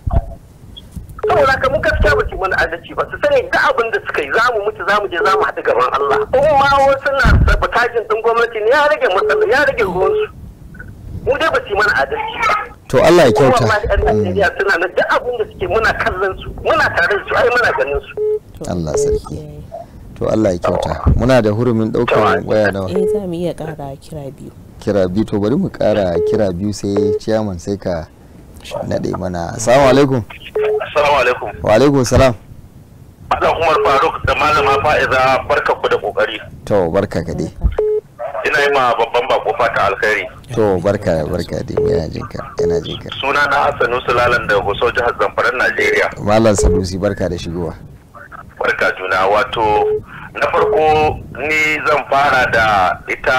saboda ka mu gaskiya ba su mana adalci ba su sani duk abin da suka yi za mu mutu za mu je za mu haɗu gaban Allah Kuma wasu na sabotajin ɗin gwamnati ne ya rage matsala ya rage ruwansu mu dai ba su mana adalci ba to Allah ya kyauta kuma ɗan Najeriya suna nan duk abin da suke muna kallon su muna tare su ai muna ganin su Allah sarki eh. to Allah ya kyauta muna da hurumin ɗaukar waya nawa eh za mu iya ƙara kira biyu kira biyu to bari mu ƙara kira biyu sai ciyaman sai ka naɗe mana assalamu alaikum assalamu alaikum wa alaikum salam Malam Umar Faruk da Malama Fa'iza barka ku da ƙoƙari. To barka ka dai. ina yi ma babban bako fata alkhairi to barka barka da ya jinka yana jinka suna na hassanu sulalan da hoso jihar zamfara najeriya malam sanusi barka da shigowa barka juna wato na farko ni zan fara da ita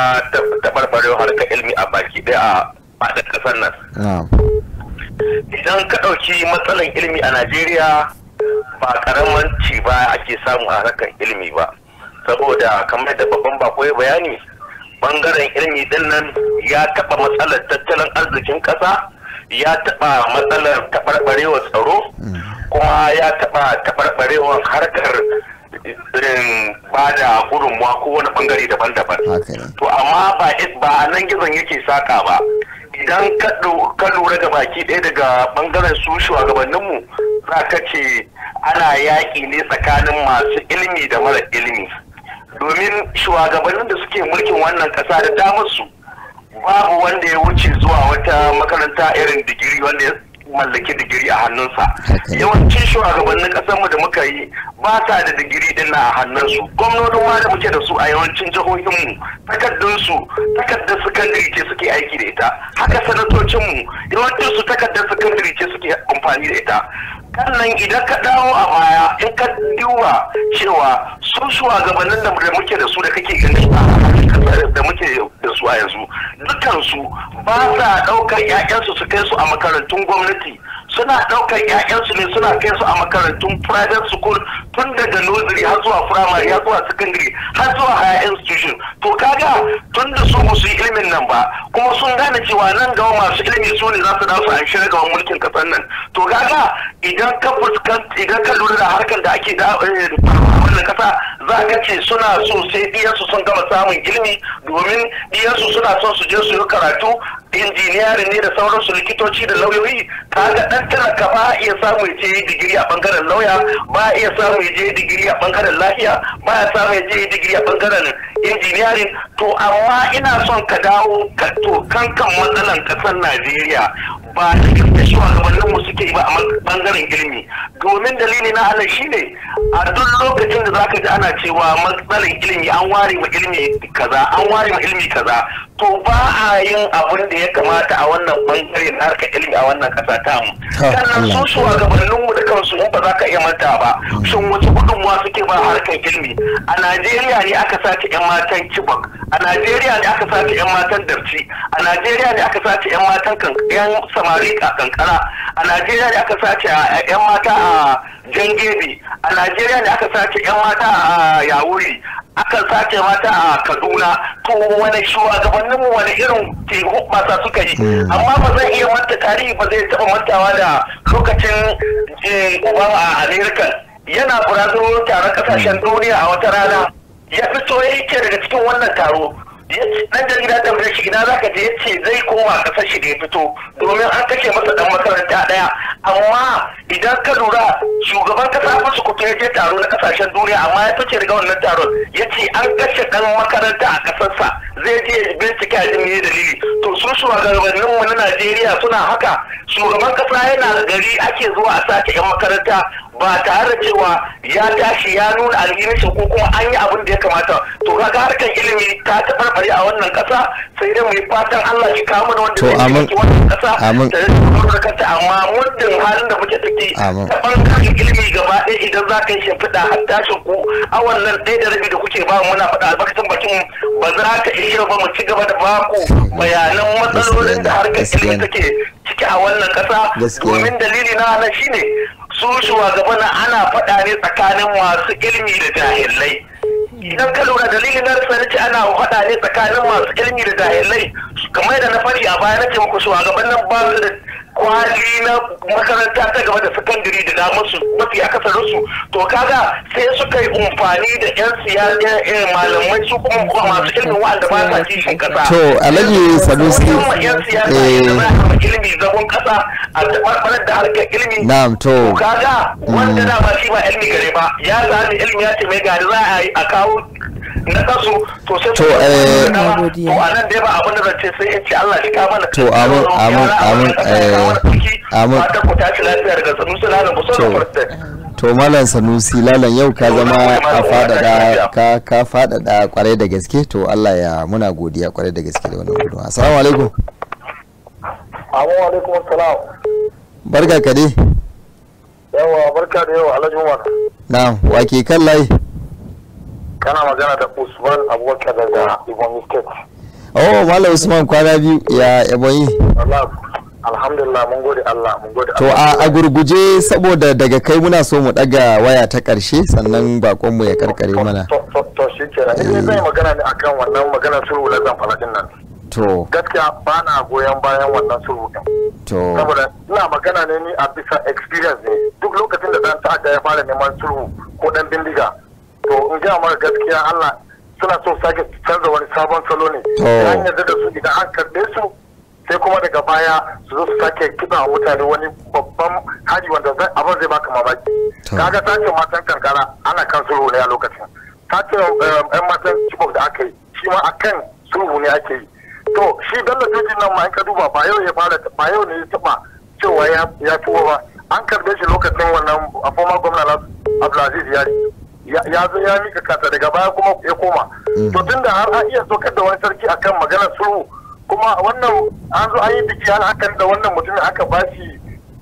tabarbarewa harkar ilmi a baki daya a faɗin ƙasar nan idan ka ɗauki matsalan ilmi a najeriya ba ci ba ake samu a harkar ilmi ba saboda kamar da babban bako ya bayani bangaren ilmi din nan ya taɓa matsalar tattalin arzikin ƙasa ya taɓa matsalar taɓarɓarewar tsaro kuma ya taba taɓarɓarewar harkar eh, ba da gudunmuwa ko wani bangare daban-daban to amma ba a nan gizon yake saka ba idan ka lura da baki ɗaya daga bangaren su shugabanninmu za ka ce ana yaƙi ne tsakanin masu ilimi da mara ilimi domin shugabannin da suke mulkin wannan kasa da damarsu babu wanda ya wuce zuwa wata makaranta irin digiri wanda ya mallaki digiri a hannunsa yawancin shugabannin ƙasarmu da muka yi ba sa da digiri din a hannunsu gwamnonin ma da muke da su a yawancin jihohinmu takardunsu takardar sakandare ce suke aiki da ita haka sanatocinmu yawancinsu takardar sakandare ce suke amfani da ita sannan idan ka dawo a baya in ka duba cewa sun suwa gabanin da muke da su da kake ganin da muke da su a yanzu dukansu ba sa ɗaukar 'ya'yansu su kai su a makarantun gwamnati suna ɗaukar 'ya'yansu ne suna kai su a makarantun private school tun daga nursery har zuwa primary har zuwa secondary har zuwa higher institution to kaga tun da su musu ilimin nan ba kuma sun gane cewa nan gaba masu ilimi su ne za su dasu an shirya gaban mulkin kasar nan to kaga idan ka fuskanta idan ka lura da harkar da ake da eh, wannan kasa za ka ce suna so sai diyarsu sun gama samun ilimi domin diyarsu suna son su je su yi karatu injiniyarin ne da sauransu likitoci da lauyoyi ka ga ɗan talaka ba iya samu ya je digiri a bangaren lauya ba iya samu ya je digiri a bangaren lafiya ba a samu ya je digiri a bangaren injiniyarin to amma ina son ka dawo ka to kankan matsalan ƙasar najeriya ba cikin da shugabanninmu suke ba a bangaren ilimi domin dalili na halar shi ne a duk lokacin da za ka ji ana cewa matsalar ilimi an ware wa ilimi kaza an ware ma ilimi kaza to ba a yin abin da ya kamata a wannan bangare na harka ilimi a wannan kasa ta mu sannan su gabanin mu da kansu in ba za ka iya manta ba hmm. sun gudun gudunmuwa suke ba harkar ilimi a Najeriya ne aka sace yan matan Chibok a Najeriya ne aka sace yan matan Darci a Najeriya ne aka sace yan matan yan samari a kankara a Najeriya ne aka sace yan mata a Jangebe a Najeriya ne aka sace yan mata a Yawuri akan sace mata a kaduna to wani shugabannin mu wani irin masu suka yi hmm. amma ba zan iya manta tarihi ba zai taɓa mantawa da lokacin obama eh, a amerika yana burazo taron kasashen hmm. duniya a wata rana ya fito ya yi daga cikin wannan taro nan gida ɗan mai shi gida zaka je ce zai koma kasar shi da ya fito domin an kashe masa dan makaranta daya amma idan ka lura shugaban kasa su kuto ya je taro na kasashen duniya amma ya fice daga wannan taron ce an kashe dan makaranta a kasarsa zai je bincika ya ne dalili to su shugabannin mu na Najeriya suna haka shugaban kasa yana gari ake zuwa a sake yan makaranta ba tare da cewa ya tashi ya nuna alhininsa ko kuma an yi abin da ya kamata to kaga harkar ilimi ta tabarbare a wannan kasa sai dai mai fatan Allah shi kawo mana wanda zai yi wannan kasa da amin kanta amma muddin halin da muke ciki ta bangaren ilimi gaba ɗaya idan za ka yi shimfiɗa a tashin ku a wannan ɗaya da rabi da kuke ba muna faɗa albarkacin bakin ba za ka iya ba mu ci gaba da ba ku. bayanan matsalolin da harkar ilimi take ciki a wannan kasa domin dalili na shi shine su na ana faɗa ne tsakanin masu ilimi da jahilai idan ka lura dalilin na ce ana faɗa ne tsakanin masu ilimi da jahilai kamar yadda na faɗi a baya na ce muku su a gaban nan ba su da kwali na makaranta ta gaba da sakandare da damar su mafi akasarin su to kaga sai suka yi umfani da yan siyasa malamai su kuma kuma masu ilimin wa'anda ba sa shi kasa to alaji sanusi yan siyasa da yi a eh. ilimi zagon kasa a tabbatar da harkar ilimi na'am to kaga mm. wanda da ba shi ba ilimi gare ba ya zani ilimi ya ce mai gari za a yi a kawo na kasu to sai to eh to anan dai da ce sai in ce Allah to amin amin sanusi lalan yau ka zama a fadada ka da gaske to Allah ya muna godiya kwarai da gaske da wannan gudunmawa assalamu alaikum alaikum salam. barka ka dai yawa barka da yawa alhaji umar na'am wake kan layi kana magana da usman abubakar daga ibonyi state oh malam usman kwana biyu ya ibonyi alhamdulillah mun gode Allah mun gode to a gurguje saboda daga kai muna so mu daga waya ta karshe sannan bakon mu ya karkare mana to shi kenan ne zai magana ne akan wannan magana sulhu na zamfaradin nan to gaskiya ba na goyon bayan wannan sulhu din to saboda ina magana ne ni a bisa experience ne duk lokacin da dan ta'adda ya fara neman sulhu ko dan bindiga to in ga mara gaskiya Allah suna so sake canza wani sabon salo ne ya yanzu da su idan an karbe su sai kuma daga baya su zo su sake kiɗa mutane wani babban haji wanda abin zai baka mamaki kaga ce matan kankara ana kan sulhu ne a lokacin ce um, um, yan matan cibok da aka yi shi ma a kan sulhu ne ake yi to shi bello jojin nan ma in ka duba ba yau ya fara ba yau ne ya taba cewa ya fi ba an karbe shi lokacin wannan a former gwamna abdulaziz yari ya zo ya mika kasa daga baya kuma ya koma mm. to tunda har an iya sokar da wani sarki akan magana sulhu kuma wannan an zo an yi biki an hakan da wannan mutumin aka ba shi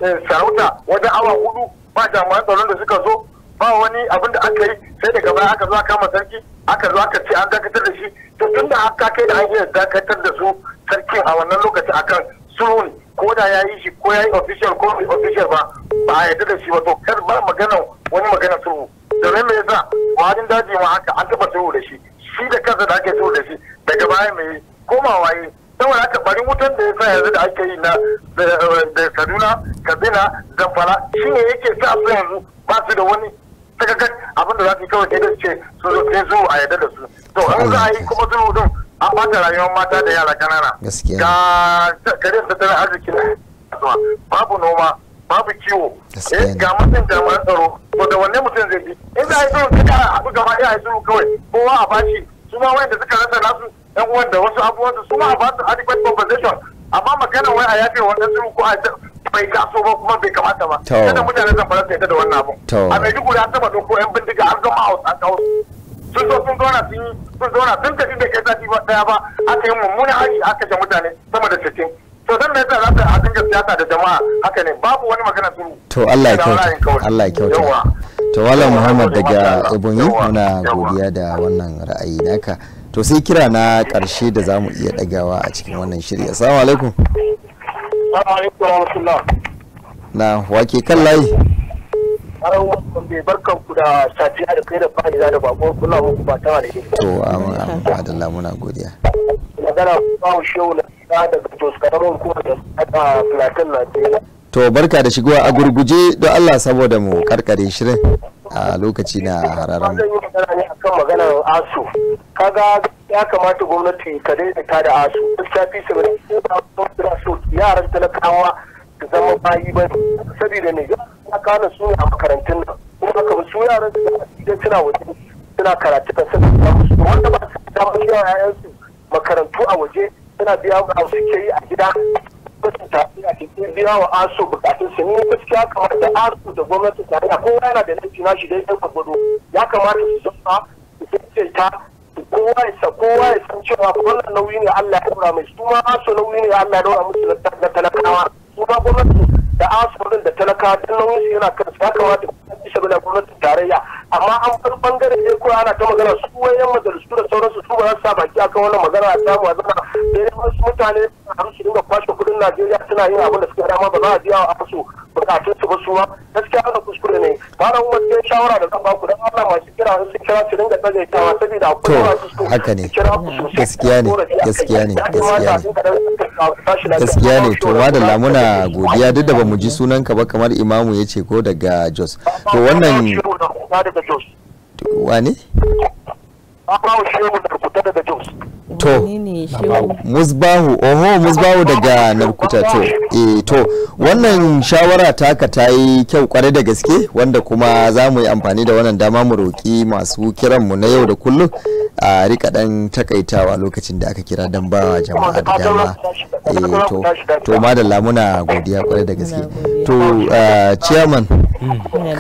eh, sarauta wajen awa hudu ba jami'an tsaron da suka zo ba wani abin da aka yi sai daga baya aka zo aka kama sarki aka zo aka ce an dakatar da shi to tun da aka kai da an iya dakatar da su sarkin a wannan lokaci akan ne ko da ya yi shi ko ya yi official ko official ba ba a yarda da shi ba to kar ba magana wani magana sulhu domin me yasa warin daji ma haka an taba sulhu da shi shi da kansa da ake sulhu da shi daga baya mai koma yi saboda haka bari wutan da ya sa yanzu da ake yi na da kaduna katsina zamfara shi ne yake sa su yanzu ba su da wani takakar abinda za su yi kawai sai da su ce su zo sai zo a yarda da su to an za a yi kuma sulhu din an bata rayuwar mata da yara kanana ga garin tattalin arziki babu noma babu kiwo eh, ga matsin jami'an tsaro to da wanne mutum zai bi in za a yi suka haɗu gaba ɗaya a yi kawai kowa a bashi su ma wayanda suka rasa nasu yan uwan da wasu abubuwan su ma a ba su adequate compensation amma magana wai a yafe wannan sulhu ko a bai ba kuma bai kamata ba kada mutane zan fara sai da wannan abun a Maiduguri an yan bindiga an zama house an kawo sun zo sun zauna sun sun zauna sun tafi bai kai sati ba daya ba aka yi mummunan aiki aka mutane sama da 60 to dan me yasa za a dinga siyasa da jama'a haka ne babu wani magana turu to Allah ya kyauta Allah ya kyauta to wala Muhammad daga Ebonyi muna godiya da wannan ra'ayi naka to sai kira na karshe da za mu iya dagawa a cikin wannan shiri assalamu alaikum assalamu alaikum wa rahmatullah na wake kan layi Arau Kwambe barkan ku da safiya da kai da fahimta da bakon kula muku ba ta da To, amma amma Adalla muna godiya. Magana ba shi na to barka da shigowa a gurguje don allah saboda mu karkare shirin a lokaci na hararan zan yi magana ne akan maganar asu kaga ya kamata gwamnati ta daidaita da asu gaskiya fi sabirin su yaran talakawa da zama bayi ba saboda ne ya kana su a makarantun nan kuma ka su yaran da suna waje suna karatu kan sanin wanda ba su damar yawa 'ya'yansu makarantu a waje tana biya wa ke yi a gida kwatanta biya wa aso bukatun su ne gaskiya kamar da aso da gwamnati tarayya kowa yana da laifi na shi ɗan kwakwado ya kamata su zama su daidaita kowa ya sa kowa ya san cewa wannan nauyi ne Allah ya ɗora mai su ma aso nauyi ne Allah ya dora musu da talakawa su ma gwamnati da aso ɗin da talakawa din nauyin su yana su ya kamata su bisa bila gwamnati tarayya amma an bar bangare ne ko ana ta magana su wayan majalisar ba za su sa baki akan wannan magana a mu a zama daidai wasu mutane har su dinga kwashe kudin najeriya suna yin abin da suke da ba za a biya wa su bukatun su ba su ma gaskiya ana kuskure ne bara umar sai shawara da zan ku dan Allah masu kira in sun kira su dinga tsaje kyawa saboda akwai wasu haka ne gaskiya ne gaskiya ne gaskiya ne gaskiya ne to madalla muna godiya duk da bamu ji sunan ka ba kamar imamu ya ce ko daga Jos to wannan wane an kawo shi mun da kuta daga Jos to musbahu oho musbahu daga narkuta to eh to wannan shawara taka ta yi kyau kwarai da gaske wanda kuma za mu yi amfani da wannan dama mu roƙi masu kiran mu na yau da kullum a rika dan takaitawa lokacin da aka kira dan bawa jama'a da dama eh to to madalla muna godiya kwarai da gaske to chairman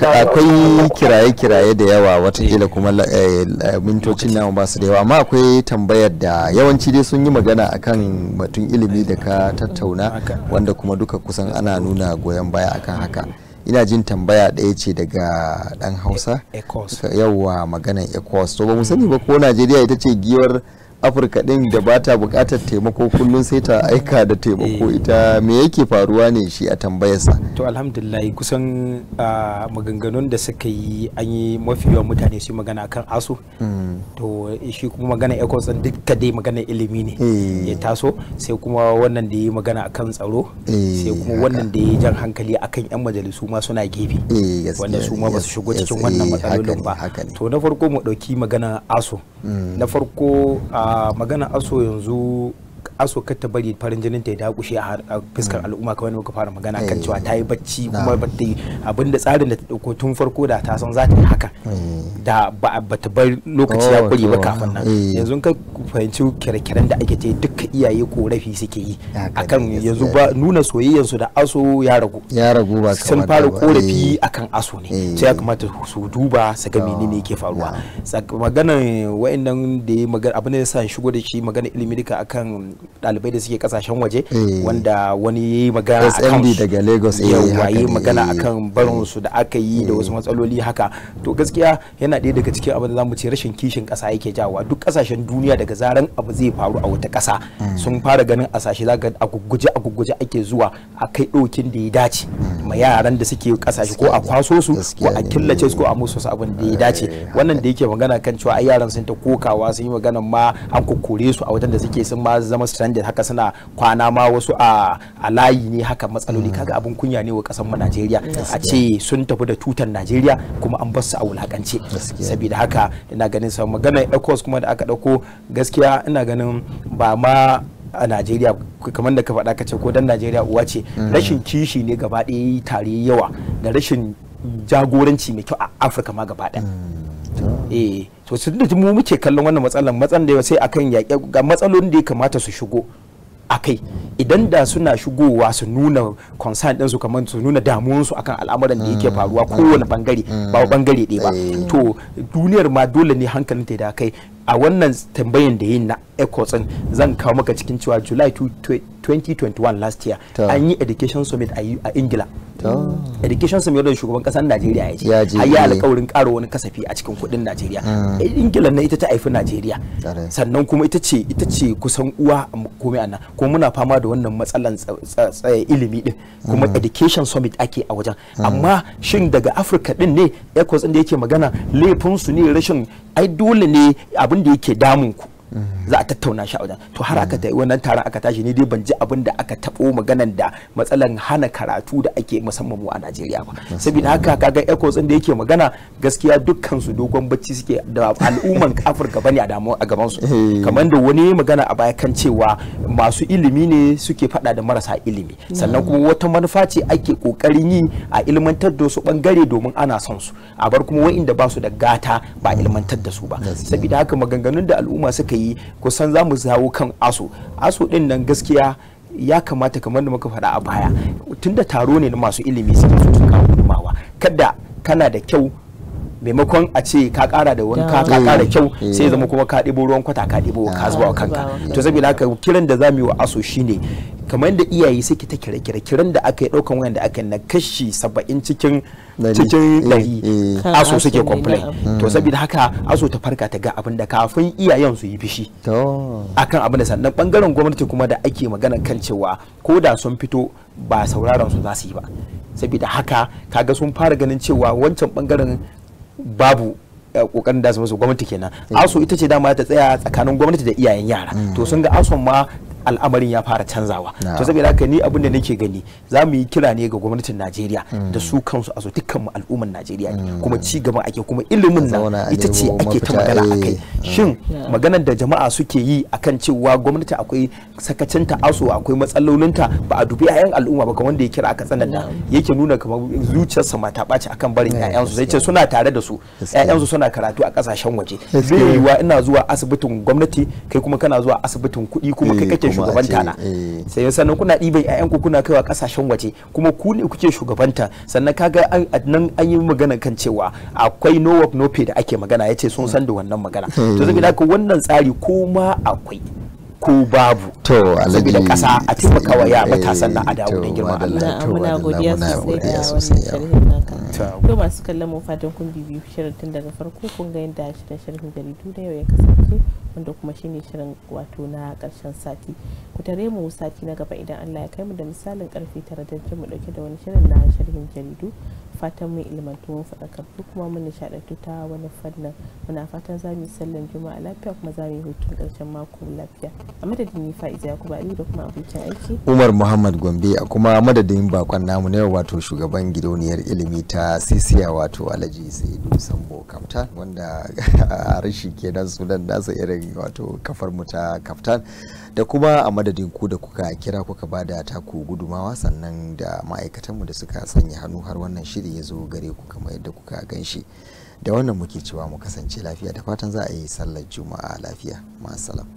akwai kiraye-kiraye da yawa wata kila kuma eh, mintocin namu ba su da yawa amma akwai tambayar da yawanci dai sun yi magana akan batun ilimi da ka tattauna wanda kuma duka kusan ana nuna goyon baya akan haka ina jin tambaya ɗaya ce daga ɗan hausa yauwa maganan ecos to ba mu sani ba ko najeriya ita ce giwar. afirka din da ba ta bukatar taimako kullum sai ta aika da taimako eh. ita me yake faruwa ne shi a tambayarsa to alhamdulillah kusan maganganun da suka yi an yi mafi yawan mutane su magana akan asu hmm. to shi kuma magana ecos din duka dai magana ilimi ne eh. ya taso sai kuma wannan da yi magana akan tsaro eh, sai kuma wannan da yi jan hankali akan yan majalisu ma suna gefe wanda su ma ba su shigo cikin wannan matsalolin ba to na farko mu dauki magana asu hmm. na farko Uh, a magana aso yanzu aso kar ta bari farin jinin ta ya dakushe a fuskar mm. al'umma kamar muka fara magana kan eh, cewa ta yi bacci kuma ba ta yi abinda tsarin da ta dauko tun farko da ta san za ta yi haka mm. da ba ta bar lokaci ya kure oh, ba kafin nan eh. yanzu ka fahimci kire da ake ce duka iyaye rafi suke yi akan yanzu ba nuna su da aso ya ragu ya ragu ba sun fara korafi eh. akan aso ne sai ya kamata su duba su ga menene yake faruwa maganan wa'annan da ya magana abin da ya sa shigo da shi magana ilimi duka akan dalibai da suke kasashen waje eh. wanda wani ya yi magana akan daga Lagos eh, ya yi magana eh. akan barin su da aka yi da wasu matsaloli haka to gaskiya yana ɗaya daga cikin abin da zamu ce rashin kishin kasa yake jawa duk kasashen duniya daga zaran abu zai faru a wata ƙasa hmm. sun fara ganin a sashi zaka a gugguje a gugguje ake zuwa a kai ɗokin da ya dace hmm. ma yaran da suke kasashe ko a kwaso su ko a killace su ko a musu su abin da ya dace wannan da yake magana kan cewa ai yaran sun ta kokawa sun yi magana ma an kokore su a wajen suke sun ma zama stranded haka suna kwana ma wasu a a layi ne haka matsaloli mm. kaga abun kunya ne wa kasar mu Najeriya mm. a ce sun tafi da tutar Najeriya kuma an bar su a wulakance saboda haka ina ganin sa magana Ecos kuma da aka dauko gaskiya ina ganin ba ma a najeriya kamar da ka faɗa ka ce ko dan najeriya uwa ce mm. rashin kishi ne gaba ɗaya tare yawa da rashin jagoranci mai kyau a afirka ma gaba ɗaya eh to su da mu muke kallon wannan matsalan matsan da sai akan yaƙe ga matsalolin da ya kamata su shigo akai idan da suna shigowa su nuna concern din su kamar su nuna damuwansu akan al'amuran da yake mm, faruwa mm, kowane mm, bangare ba bangare ɗaya ba eh. to duniyar ma dole ne hankalin ta da kai a wannan tambayan da yin na ecotsin zan kawo maka cikin cewa july 2021 last year an yi education summit a ingila education sami da shugaban kasar najeriya ya ce har yi alkawarin ƙara wani kasafi a cikin kuɗin najeriya ah. ingila na ita ta haifi najeriya sannan kuma ita ce ita ce kusan uwa komai annan ko muna fama da wannan matsalan ilimi din kuma ah. education summit ake a wajen ah. amma shin daga afirka din ne ecos din da yake magana laifin su ne rashin ai dole ne abin da yake damun ku mm-hmm. za a tattauna shi a wajen to har aka ta wannan taron aka tashi ni dai ban ji abin da aka tabo maganan da matsalan hana karatu da ake musamman mu a Najeriya ba saboda haka kaga ECOWAS din da yake magana gaskiya dukkan su dogon bacci suke da al'umman Afirka bane a damu a gaban su eh. kamar da wani magana a baya kan cewa masu ilimi ne suke fada da marasa ilimi sannan kuma wata manufa ce ake kokarin yi a ilmantar da su bangare domin ana son su a bar kuma wa'inda ba su da gata ba ilmantar da su ba saboda haka maganganun da al'umma suka yi kusan za mu zawo kan aso aso din nan gaskiya ya kamata kamar da muka faɗa a baya tunda taro ne na masu ilimi suke su kawo kada kana da kyau maimakon a ce ka kara da wanka ka kara mm. kyau mm. sai zama kuma ka ɗibo ruwan kwata ka ɗibo ka zuba wa ah. kanka to saboda haka kiran da za mu yi wa aso shine kamar da iyaye suke ta kire kiran da aka yi ɗaukan wayan da aka na kashi saba'in cikin cikin mm. ɗari aso suke complain to saboda haka aso ta farka ta ga abin da kafin iyayen su yi fishi akan abin da sannan bangaren gwamnati kuma da ake magana kan cewa ko da sun fito ba sauraron su za su yi ba saboda haka kaga sun fara ganin cewa wancan bangaren babu eh, kokarin da su gwamnati kenan mm. aso ita ce dama ta tsaya tsakanin gwamnati da iyayen yara mm. to sun ga aso ma al'amarin ya fara canzawa to saboda haka ni abin da nake gani za mu yi kira ne ga gwamnatin Najeriya da mm. su kansu a dukkan mu al'umman Najeriya ne mm. kuma ci gaba ake kuma ilimin na ita ce ake ta magana akai eh. mm. shin maganar da jama'a suke yi akan cewa gwamnati akwai sakacinta aso akwai matsalolinta ba a dubi 'ya'yan al'umma ba kamar da ya kira aka tsananta yake nuna kamar zuciyarsa ma ta ɓaci akan barin 'ya'yansu eh, zai ce suna tare da su 'ya'yansu suna karatu a kasashen waje zai yiwa ina zuwa asibitin gwamnati kai kuma kana zuwa asibitin kuɗi kuma eh, kai kake shugabanta na eh. sai sannan kuna ɗiban ƴaƴan ku kuna kaiwa kasashen waje kuma ku ne kuke shugabanta sannan kaga nan an yi magana kan cewa akwai no work no pay da ake magana yace sun san da wannan magana to hmm. saboda haka wannan tsari ko ma akwai ko babu saboda kasa a taimaka wa ya eh, matasan na adawo da girma Allah to muna godiya sosai da wannan to masu kallon mu fatan kun bibiyu shirin tun daga farko kun ga yadda shirin sharhin jaridu da yau ya kasance wanda kuma shine shirin wato na karshen sati ku tare mu sati na gaba idan Allah ya kai mu da misalin karfe tara da mu dauke da wani shirin na sharhin jaridu fatan mun ilmantu mun faɗakartu kuma mun nishaɗantu ta wani fannin muna fatan za mu yi sallan juma'a lafiya kuma za mu yi hutun ƙarshen mako lafiya a madadin ni fa'iza yakubu ali da kuma abokin aiki umar muhammad gombe a kuma madadin bakon namu na yau wato shugaban gidauniyar ilimi ta sisiya wato alhaji saidu sambo kaftan wanda a rashi kenan sunan nasa irin wato kafar mu ta kaftan da kuma a madadin ku da kuka kira kuka ba da taku gudumawa sannan da ma'aikatanmu da suka sanya hannu har wannan shiri ya zo gare ku kamar yadda kuka gan shi da wannan muke cewa mu kasance lafiya da fatan za a yi sallar juma'a lafiya masalam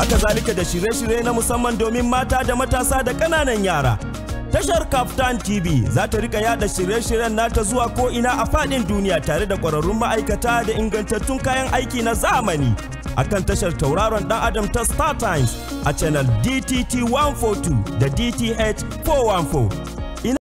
haka zalika da shirye-shirye na musamman domin mata da matasa da ƙananan yara. Tashar Kaftan TV za ta rika yada shirye-shiryen nata zuwa ko'ina a faɗin duniya tare da ƙwararrun ma'aikata da ingantattun kayan aiki na zamani. A kan tashar tauraron ɗan Adam ta Star Times a channel DTT 142 da DTH 414.